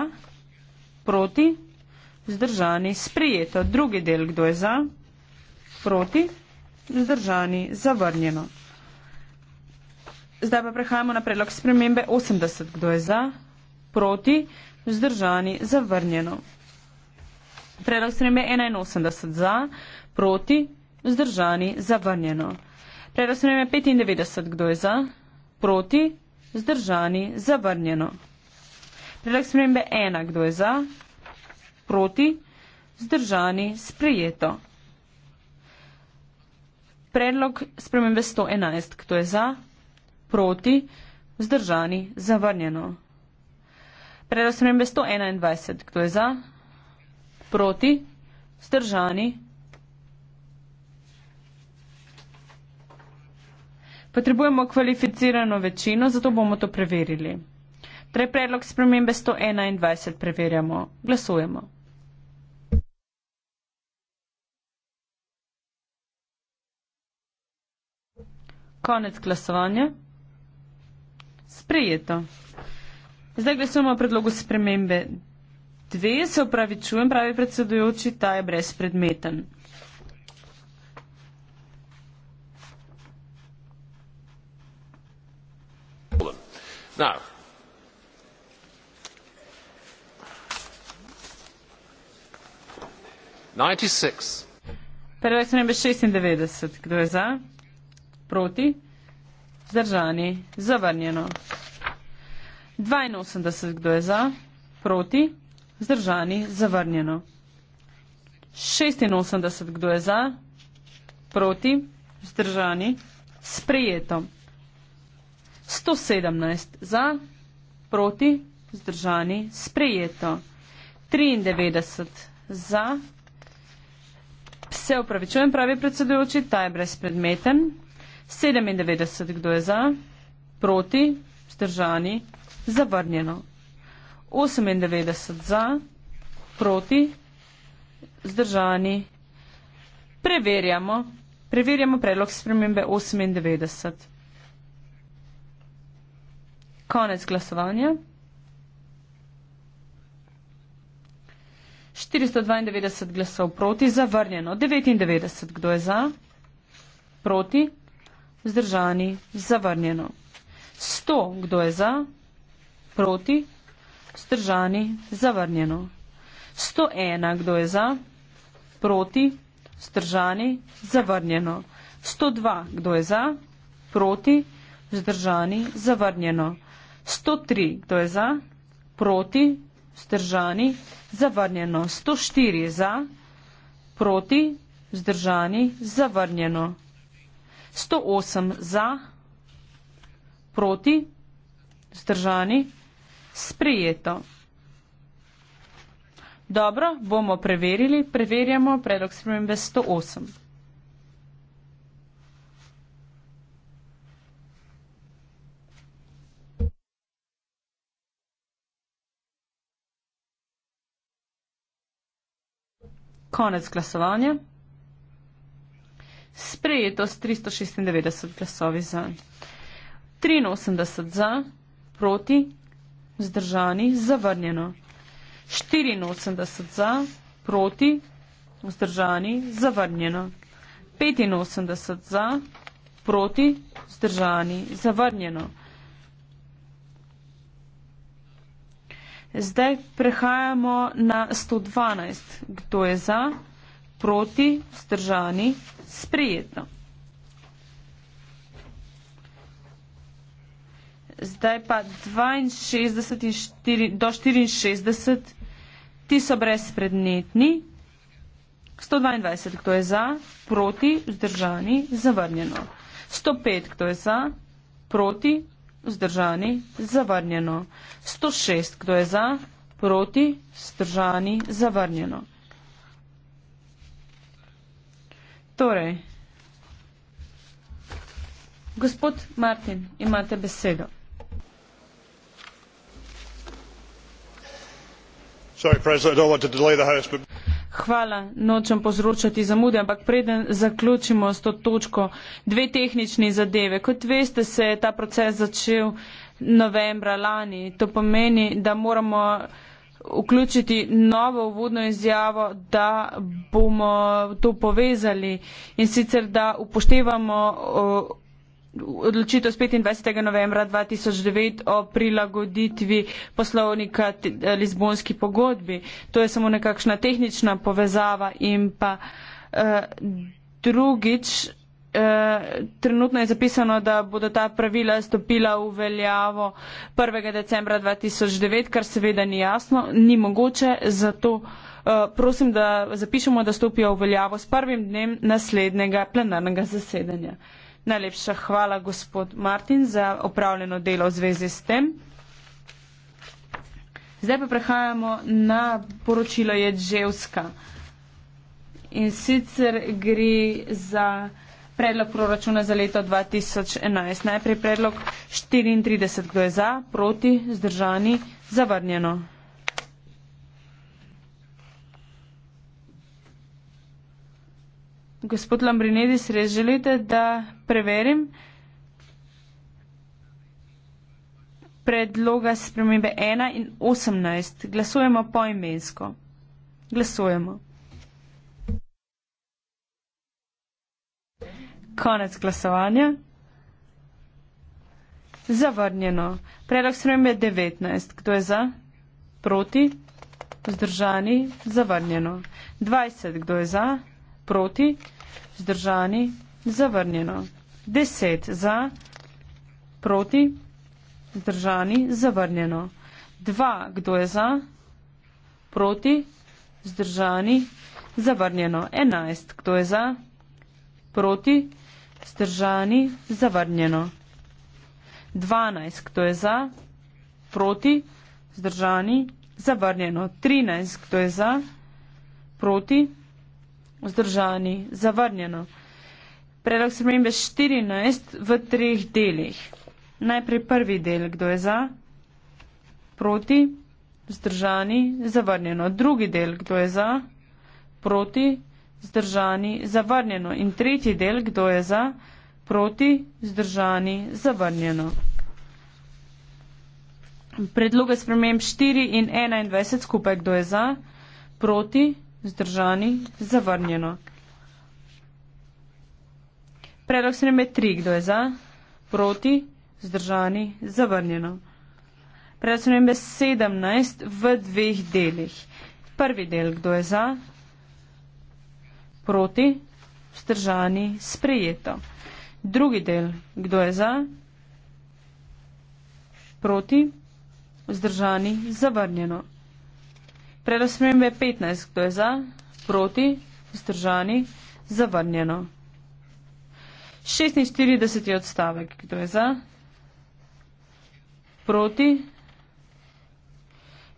proti, zdržani, sprijeto. Drugi del, kdo je za, proti, zdržani, zavrnjeno. Zdaj pa prehajamo na predlog spremembe 80. Kdo je za, proti, zdržani, zavrnjeno. Predlog spremembe 81 za, proti, zdržani, zavrnjeno. Predlog spremembe 95. Kdo je za, proti, zdržani, zavrnjeno zdržani, zavrnjeno. Predlog spremembe ena, kdo je za, proti, zdržani, sprejeto. Predlog spremembe 111, kdo je za, proti, zdržani, zavrnjeno. Predlog spremembe 121, kdo je za, proti, zdržani, zavrnjeno. Potrebujemo kvalificirano večino, zato bomo to preverili. Torej predlog spremembe 121 preverjamo. Glasujemo. Konec glasovanja. Sprejeto. Zdaj glasujemo o predlogu spremembe 2. Se upravičujem, pravi predsedujoči, ta je brezpredmeten. now ninety six Prvec nam je 96. Kdo je za? Proti? Zdržani? Zavrnjeno. 82. Kdo je za? Proti? Zdržani? Zavrnjeno. 86. Kdo je za? Proti? Zdržani? Sprejeto. 117 za, proti, zdržani, sprejeto. 93 za, se upravičujem, pravi predsedujoči, ta je brezpredmeten. 97, kdo je za, proti, zdržani, zavrnjeno. 98 za, proti, zdržani, preverjamo, preverjamo predlog spremembe 98. Konec glasovanja. 492 glasov proti, zavrnjeno. 99, kdo je za? Proti, vzdržani, zavrnjeno. 100, kdo je za? Proti, vzdržani, zavrnjeno. 101, kdo je za? Proti, vzdržani, zavrnjeno. 102, kdo je za? Proti, vzdržani, zavrnjeno. 103, kdo je za? Proti, vzdržani, zavrnjeno. 103, to je za, proti, zdržani, zavrnjeno. 104 je za, proti, zdržani, zavrnjeno. 108 za, proti, zdržani, sprejeto. Dobro, bomo preverili, preverjamo predlog spremembe 108. konec glasovanja. Sprejeto s 396 glasovi za, 83 za, proti, vzdržani, zavrnjeno. 84 za, proti, vzdržani, zavrnjeno. 85 za, proti, vzdržani, zavrnjeno. Zdaj prehajamo na 112. Kdo je za, proti, vzdržani, sprijetno. Zdaj pa 62 in 4, do 64, ti so brezpredmetni. 122, kdo je za, proti, vzdržani, zavrnjeno. 105, kdo je za, proti, vzdržani, zavrnjeno. 106, kdo je za, proti, vzdržani, zavrnjeno. Torej, gospod Martin, imate besedo. Sorry, President, I don't want to delay the House, but. Hvala, nočem povzročati zamude, ampak preden zaključimo s to točko, dve tehnični zadeve. Kot veste, se je ta proces začel novembra lani. To pomeni, da moramo vključiti novo uvodno izjavo, da bomo to povezali in sicer, da upoštevamo. Uh, odločitev z 25. novembra 2009 o prilagoditvi poslovnika Lizbonski pogodbi. To je samo nekakšna tehnična povezava in pa eh, drugič, eh, trenutno je zapisano, da bodo ta pravila stopila v veljavo 1. decembra 2009, kar seveda ni jasno, ni mogoče, zato eh, prosim, da zapišemo, da stopijo v veljavo s prvim dnem naslednjega plenarnega zasedanja. Najlepša hvala, gospod Martin, za opravljeno delo v zvezi s tem. Zdaj pa prehajamo na poročilo Jedževska. In sicer gre za predlog proračuna za leto 2011. Najprej predlog 34, kdo je za, proti, zdržani, zavrnjeno. Gospod Lambrinidis, res želite, da preverim? Predloga spremembe 1 in 18. Glasujemo poimensko. Glasujemo. Konec glasovanja. Zavrnjeno. Predlog spremembe 19. Kdo je za? Proti? Zdržani? Zavrnjeno. 20. Kdo je za? proti, vzdržani, zavrnjeno. 10 za, proti, vzdržani, zavrnjeno. 2, kdo je za, proti, vzdržani, zavrnjeno. 11, kdo je za, proti, vzdržani, zavrnjeno. 12, kdo je za, proti, vzdržani, zavrnjeno. 13, kdo je za, proti, vzdržani, zavrnjeno vzdržani, zavrnjeno. Predlog spremembe 14 v treh delih. Najprej prvi del, kdo je za, proti, vzdržani, zavrnjeno. Drugi del, kdo je za, proti, vzdržani, zavrnjeno. In tretji del, kdo je za, proti, vzdržani, zavrnjeno. Predloga spremem 4 in 21 skupaj, kdo je za, proti, vzdržani, zavrnjeno. Zdržani? Zavrnjeno. Predlog se nam je tri. Kdo je za? Proti? Zdržani? Zavrnjeno. Predlog se nam je sedemnaest v dveh delih. Prvi del, kdo je za? Proti? Vzdržani? Sprejeto. Drugi del, kdo je za? Proti? Vzdržani? Zavrnjeno. Predlog sprememb je 15. Kdo je za? Proti? Zdržani? Zavrnjeno. 46. odstavek. Kdo je za? Proti?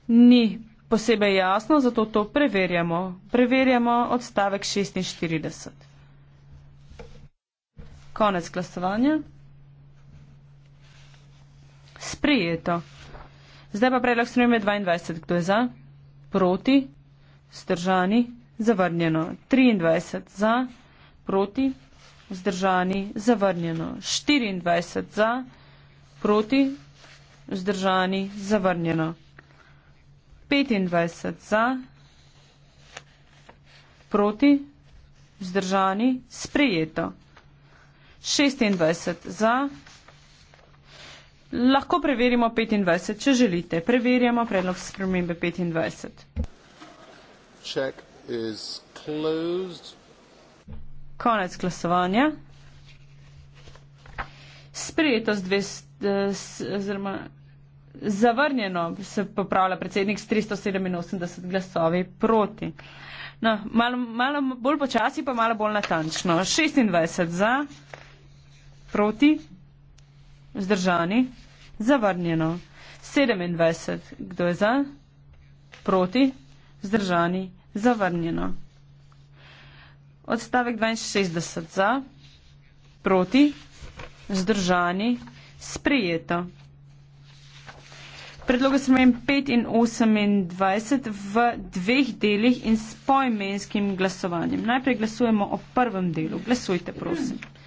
Ni posebej jasno, zato to preverjamo. Preverjamo odstavek 46. Konec glasovanja. Sprijeto. Zdaj pa predlog sprememb je 22. Kdo je za? proti, vzdržani, zavrnjeno. 23 za, proti, vzdržani, zavrnjeno. 24 za, proti, vzdržani, zavrnjeno. 25 za, proti, vzdržani, sprejeto. 26 za, Lahko preverimo 25, če želite. Preverjamo predlog spremembe 25. Check is closed. Konec glasovanja. Sprejeto z 200, eh, zavrnjeno se popravlja predsednik s 387 glasovi proti. No, malo, malo bolj počasi, pa malo bolj natančno. 26 za, proti. Vzdržani? Zavrnjeno. 27. Kdo je za? Proti? Vzdržani? Zavrnjeno. Odstavek 62. Za? Proti? Vzdržani? Sprijeto. Predloga smrem 5 in 28 v dveh delih in s pojmenskim glasovanjem. Najprej glasujemo o prvem delu. Glasujte, prosim. Hmm.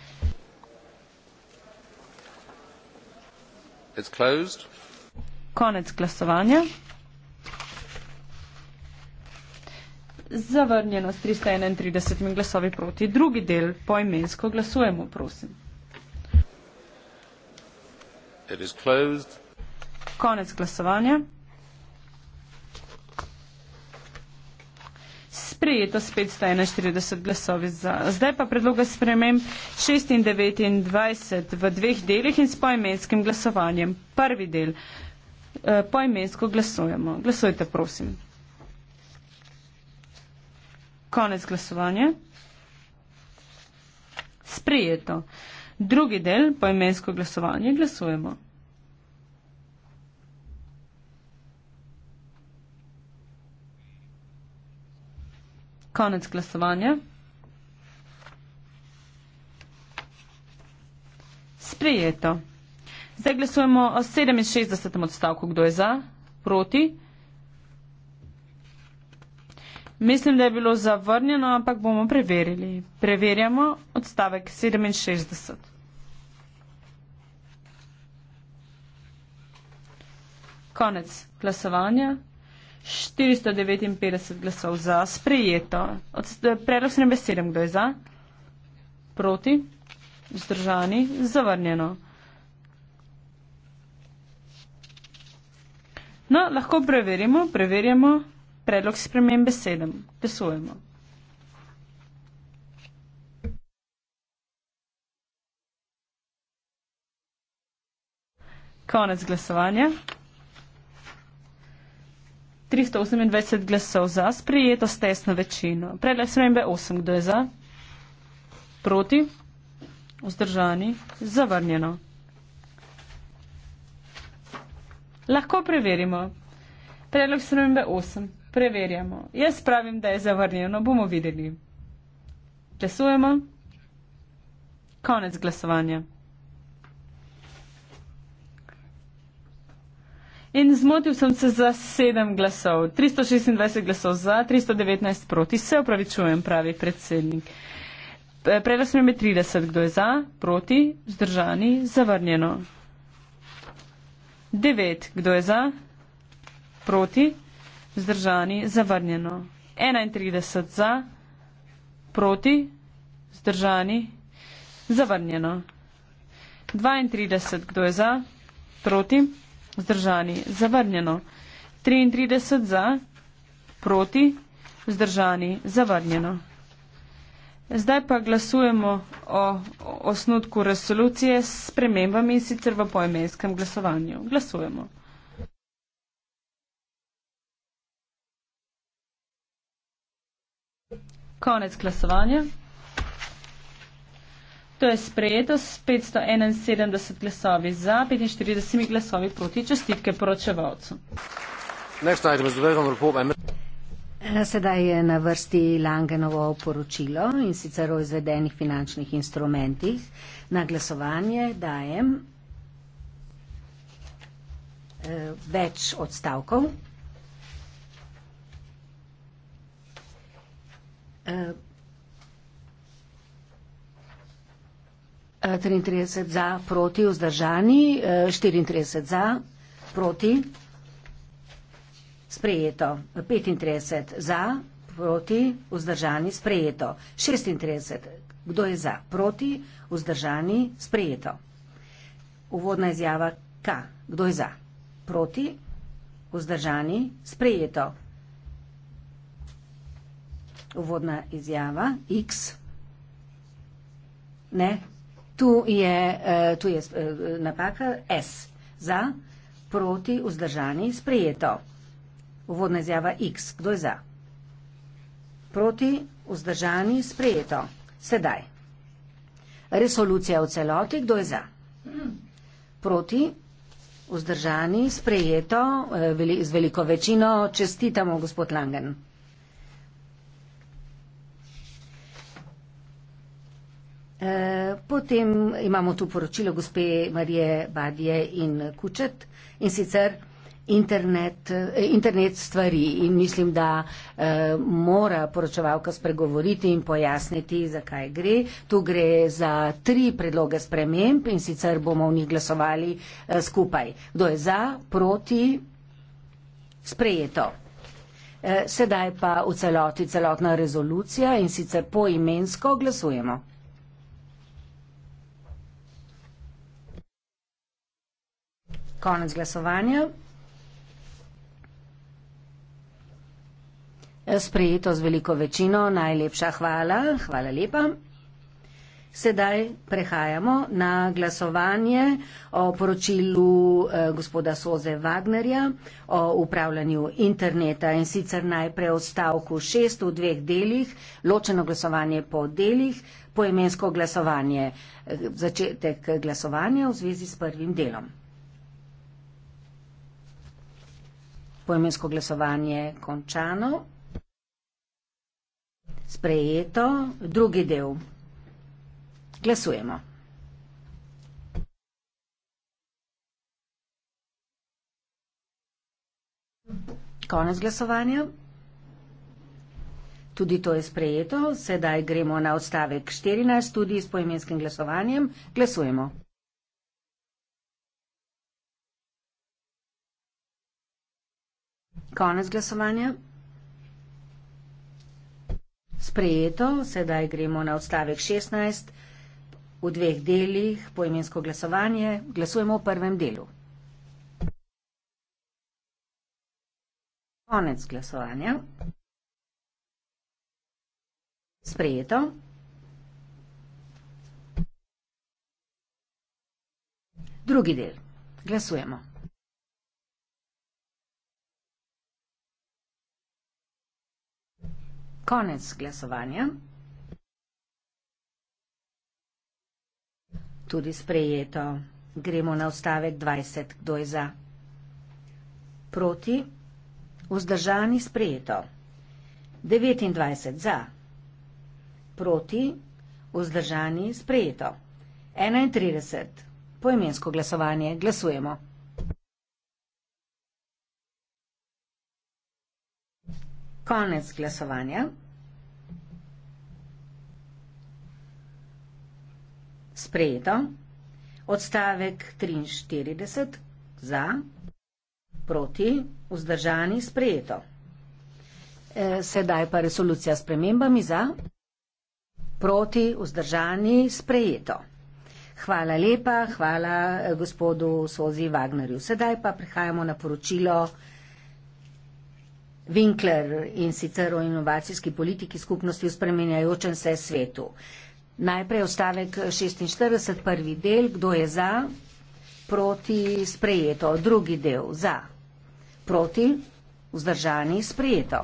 konec glasovanja zavrnjeno s tristo enaintrideset glasovi proti drugi del poimensko glasujemo prosim konec glasovanja sprejeto s 541 glasovi za. Zdaj pa predloga spremem 629 v dveh delih in s poimenskim glasovanjem. Prvi del. Eh, poimensko glasujemo. Glasujte, prosim. Konec glasovanja. Sprejeto. Drugi del, poimensko glasovanje, glasujemo. konec glasovanja. Sprejeto. Zdaj glasujemo o 67. odstavku. Kdo je za? Proti? Mislim, da je bilo zavrnjeno, ampak bomo preverili. Preverjamo odstavek 67. Konec glasovanja. 459 glasov za sprejeto. Od, eh, predlog se ne bi sedem, kdo je za? Proti? Zdržani? Zavrnjeno. No, lahko preverimo, preverjamo predlog spremembe sedem. Glasujemo. Konec glasovanja. 328 glasov za, sprijeto s tesno večino. Predlog smembe 8, kdo je za? Proti? Vzdržani? Zavrnjeno. Lahko preverimo. Predlog smembe 8, preverjamo. Jaz pravim, da je zavrnjeno, bomo videli. Glasujemo. Konec glasovanja. In zmotil sem se za sedem glasov. 326 glasov za, 319 proti. Se upravičujem, pravi predsednik. Preveč smo imeli 30, kdo je za, proti, zdržani, zavrnjeno. 9, kdo je za, proti, zdržani, zavrnjeno. 31 za, proti, zdržani, zavrnjeno. 32, kdo je za, proti, zdržani. Vzdržani. Zavrnjeno. 33 za. Proti. Vzdržani. Zavrnjeno. Zdaj pa glasujemo o osnutku resolucije s spremembami sicer v poemenskem glasovanju. Glasujemo. Konec glasovanja. To je sprejeto s 571 glasovi za, 45 glasovi proti. Čestitke poročevalcu. Eh, sedaj je na vrsti Langenovo poročilo in sicer o izvedenih finančnih instrumentih. Na glasovanje dajem eh, več odstavkov. Eh, 33 za, proti, vzdržani, 34 za, proti, sprejeto, 35 za, proti, vzdržani, sprejeto, 36, kdo je za, proti, vzdržani, sprejeto. Uvodna izjava K, kdo je za, proti, vzdržani, sprejeto. Uvodna izjava X. Ne, Tu je, uh, tu je uh, napaka S. Za, proti, vzdržani, sprejeto. Uvodna izjava X. Kdo je za? Proti, vzdržani, sprejeto. Sedaj. Resolucija v celoti. Kdo je za? Proti, vzdržani, sprejeto. Eh, z veliko večino čestitamo, gospod Langen. Eh, potem imamo tu poročilo gospe Marije Badje in Kučet in sicer internet, eh, internet stvari in mislim, da eh, mora poročevalka spregovoriti in pojasniti, zakaj gre. Tu gre za tri predloge sprememb in sicer bomo v njih glasovali skupaj. Kdo je za, proti, sprejeto. Sedaj pa v celoti celotna rezolucija in sicer poimensko glasujemo. konec glasovanja. Sprejeto z veliko večino, najlepša hvala, hvala lepa. Sedaj prehajamo na glasovanje o poročilu eh, gospoda Soze Wagnerja o upravljanju interneta in sicer najprej o stavku šest v dveh delih, ločeno glasovanje po delih, poemensko glasovanje, eh, začetek glasovanja v zvezi s prvim delom. poimensko glasovanje končano. Sprejeto. Drugi del. Glasujemo. Konec glasovanja. Tudi to je sprejeto. Sedaj gremo na odstavek 14 tudi s poimenskim glasovanjem. Glasujemo. Konec glasovanja. Sprejeto, sedaj gremo na odstavek 16 v dveh delih poimensko glasovanje. Glasujemo v prvem delu. Konec glasovanja. Sprejeto. Drugi del. Glasujemo. Konec glasovanja. Tudi sprejeto. Gremo na ustavek 20. Kdo je za? Proti. Vzdržani sprejeto. 29 za. Proti. Vzdržani sprejeto. 31. Poimensko glasovanje. Glasujemo. Konec glasovanja. Sprejeto. Odstavek 43 za, proti, vzdržani, sprejeto. E, sedaj pa resolucija s premembami za, proti, vzdržani, sprejeto. Hvala lepa, hvala gospodu Sozi Wagnerju. Sedaj pa prihajamo na poročilo. Winkler in sicer o inovacijski politiki skupnosti v spremenjajočem se svetu. Najprej ostavek 46, prvi del, kdo je za, proti, sprejeto, drugi del, za, proti, vzdržani, sprejeto.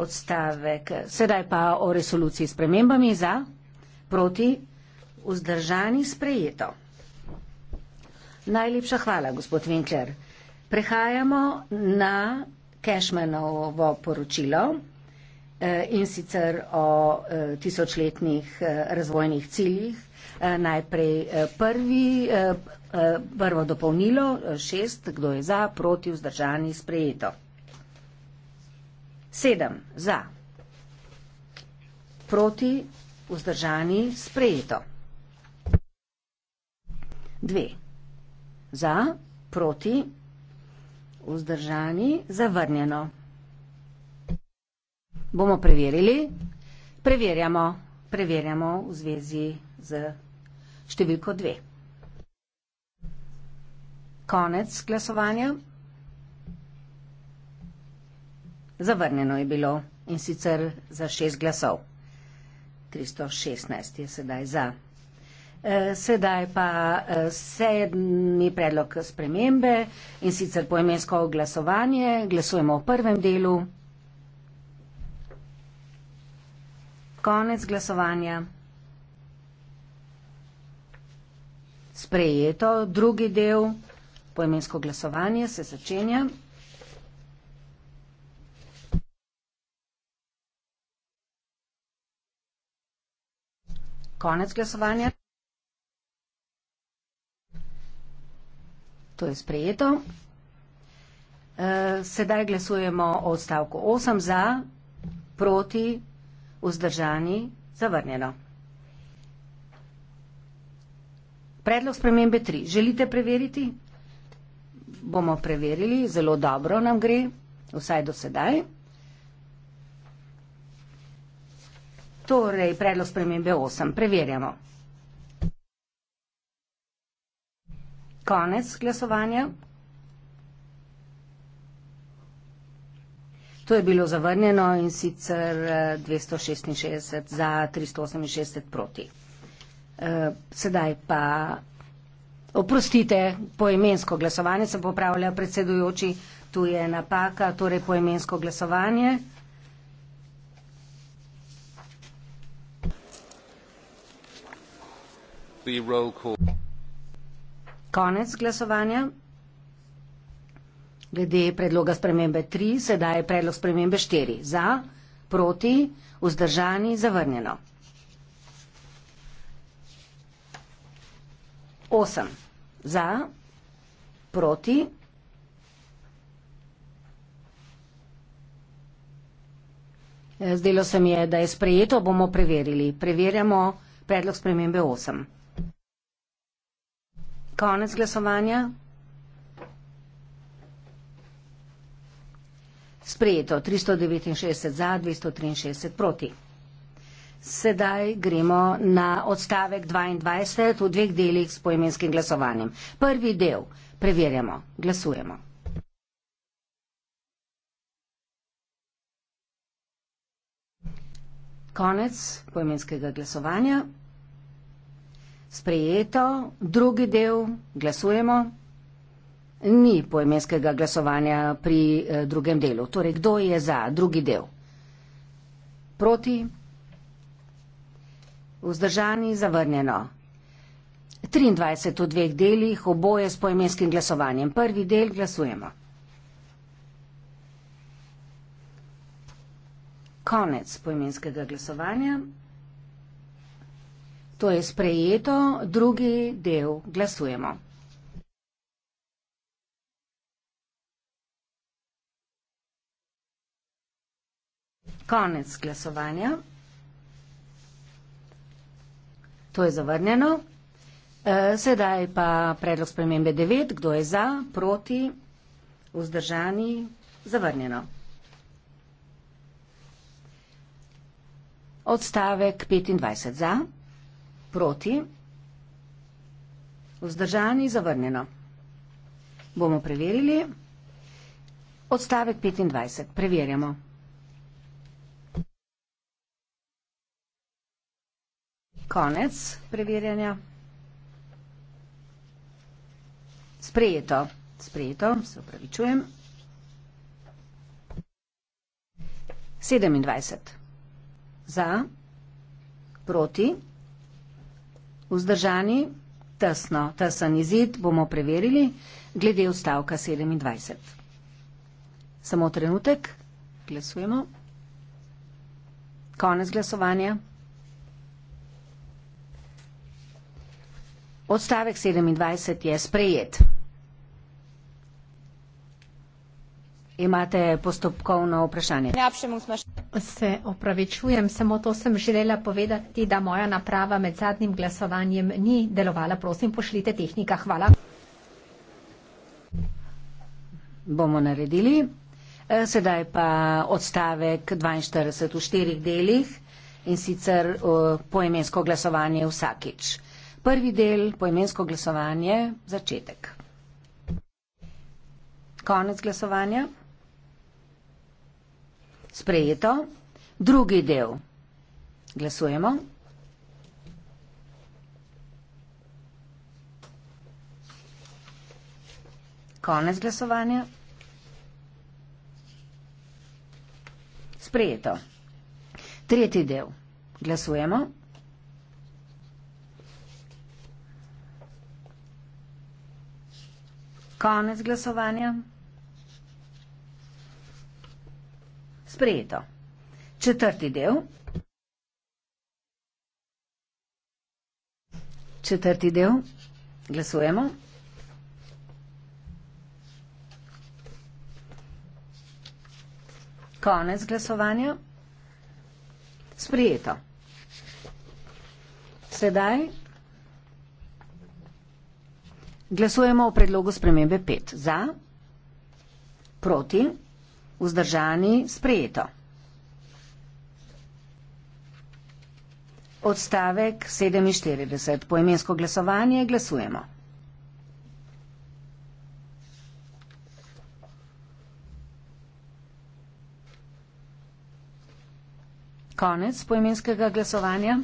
Odstavek. Sedaj pa o resoluciji s premembami za, proti, vzdržani, sprejeto. Najlepša hvala, gospod Winkler. Prehajamo na Kešmenovo poročilo eh, in sicer o eh, tisočletnih eh, razvojnih ciljih. Najprej prvi, prvo dopolnilo, šest, kdo je za, proti, vzdržani, sprejeto. Sedem, za, proti, vzdržani, sprejeto. Dve. Za, proti, vzdržani, zavrnjeno. Bomo preverili? Preverjamo. Preverjamo v zvezi z številko dve. Konec glasovanja. Zavrnjeno je bilo in sicer za šest glasov. 316 je sedaj za. Eh, sedaj pa eh, sedmi predlog spremembe in sicer poemensko glasovanje. Glasujemo v prvem delu. Konec glasovanja. Sprejeto. Drugi del. Poemensko glasovanje se začenja. Konec glasovanja. To je sprejeto. E, sedaj glasujemo o odstavku 8 za, proti, vzdržani, zavrnjeno. Predlog spremembe 3. Želite preveriti? Bomo preverili, zelo dobro nam gre, vsaj do sedaj. Torej, predlog spremembe 8. Preverjamo. konec glasovanja. To je bilo zavrnjeno in sicer 266 eh, za, 368 proti. Eh, sedaj pa, oprostite, poemensko glasovanje se popravlja predsedujoči, tu je napaka, torej poemensko glasovanje. The roll call. Konec glasovanja. Glede predloga spremembe 3 se daje predlog spremembe 4. Za, proti, vzdržani, zavrnjeno. 8. Za, proti, Zdelo se mi je, da je sprejeto, bomo preverili. Preverjamo predlog spremembe 8 konec glasovanja. Sprejeto 369 za, 263 proti. Sedaj gremo na odstavek 22 v dveh delih s poimenskim glasovanjem. Prvi del preverjamo, glasujemo. Konec poimenskega glasovanja. Sprejeto, drugi del, glasujemo. Ni poemenskega glasovanja pri eh, drugem delu. Torej, kdo je za drugi del? Proti? Vzdržani, zavrnjeno. 23 v dveh delih, oboje s poemenskim glasovanjem. Prvi del, glasujemo. Konec poemenskega glasovanja. To je sprejeto, drugi del glasujemo. Konec glasovanja. To je zavrnjeno. E, sedaj pa predlog spremembe 9. Kdo je za, proti, vzdržani, zavrnjeno. Odstavek 25 za. Proti? Vzdržani zavrnjeno. Bomo preverili. Odstavek 25. Preverjamo. Konec preverjanja. Sprejeto. Sprejeto, se upravičujem. 27. Za. Proti. Vzdržani, tesno, tesen izid bomo preverili glede ustavka 27. Samo trenutek, glasujemo. Konec glasovanja. Odstavek 27 je sprejet. Imate postopkovno vprašanje? Ja, Se opravičujem, samo to sem želela povedati, da moja naprava med zadnjim glasovanjem ni delovala. Prosim, pošljite tehnika. Hvala. Bomo naredili. E, sedaj pa odstavek 42 v štirih delih in sicer e, poemensko glasovanje vsakič. Prvi del, poemensko glasovanje, začetek. Konec glasovanja. Sprejeto. Drugi del. Glasujemo. Konec glasovanja. Sprejeto. Tretji del. Glasujemo. Konec glasovanja. Sprejeto. Četrti del. Četrti del. Glasujemo. Konec glasovanja. Sprijeto. Sedaj glasujemo o predlogu spremembe 5. Za, proti. Vzdržani sprejeto. Odstavek 47. Poemensko glasovanje glasujemo. Konec poemenskega glasovanja.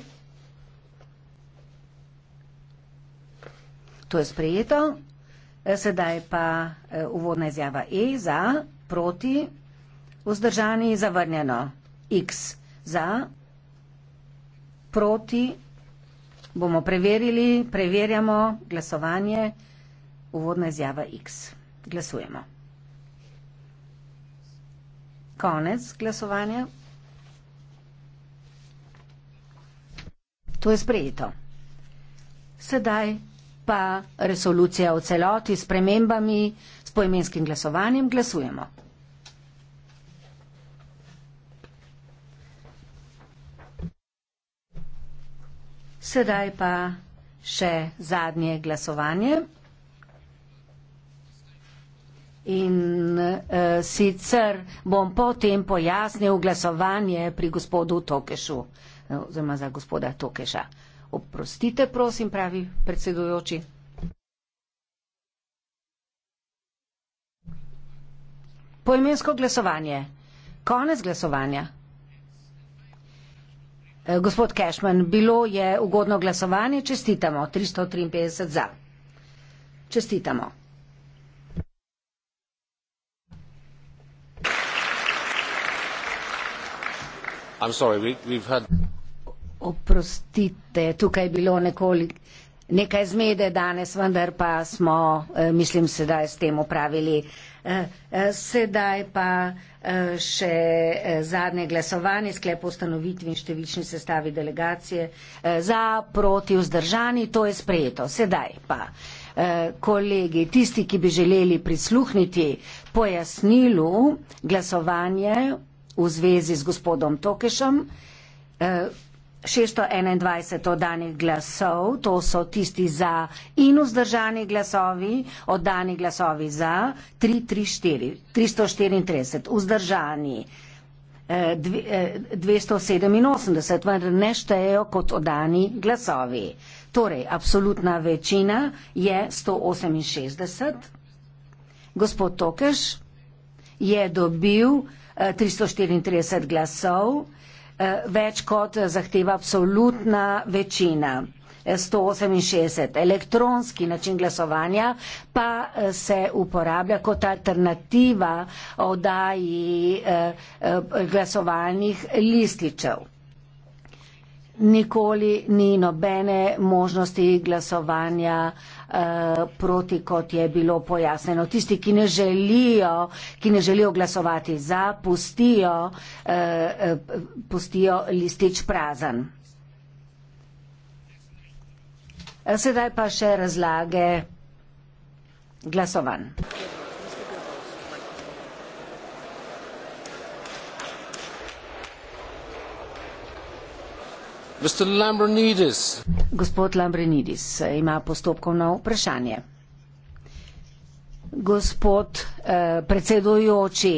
To je sprejeto. Sedaj pa eh, uvodna izjava E za, proti, Vzdržani zavrnjeno. X za. Proti. Bomo preverili, preverjamo glasovanje. Uvodna izjava X. Glasujemo. Konec glasovanja. To je sprejeto. Sedaj pa resolucija v celoti s premembami, s poimenskim glasovanjem glasujemo. Sedaj pa še zadnje glasovanje. In e, sicer bom potem pojasnil glasovanje pri gospodu Tokešu, eh, oziroma za gospoda Tokeša. Oprostite, prosim, pravi predsedujoči. Poimensko glasovanje. Konec glasovanja. Eh, gospod Cashman, bilo je ugodno glasovanje, čestitamo, 353 za. Čestitamo. Sorry, we, had... Oprostite, tukaj je bilo nekoliko nekaj zmede danes, vendar pa smo, eh, mislim, sedaj s tem upravili. Eh, eh, sedaj pa še zadnje glasovanje, sklep o ustanovitvi in številčni sestavi delegacije za proti vzdržani, to je sprejeto. Sedaj pa kolegi, tisti, ki bi želeli prisluhniti pojasnilu glasovanje v zvezi z gospodom Tokešem, 621 oddanih glasov, to so tisti za in vzdržani glasovi, oddani glasovi za 334, 334 vzdržani. 287, eh, eh, vendar ne štejejo kot odani glasovi. Torej, absolutna večina je 168. Gospod Tokeš je dobil 334 eh, glasov, Eh, več kot zahteva absolutna večina. 168. Eh, Elektronski način glasovanja pa eh, se uporablja kot alternativa odaji glasovalnih lističev nikoli ni nobene možnosti glasovanja eh, proti, kot je bilo pojasneno. Tisti, ki ne želijo, ki ne želijo glasovati za, pustijo, eh, eh, pustijo listič prazen. Sedaj pa še razlage glasovanj. Gospod Lambrinidis ima postopkovno vprašanje. Gospod eh, predsedujoči.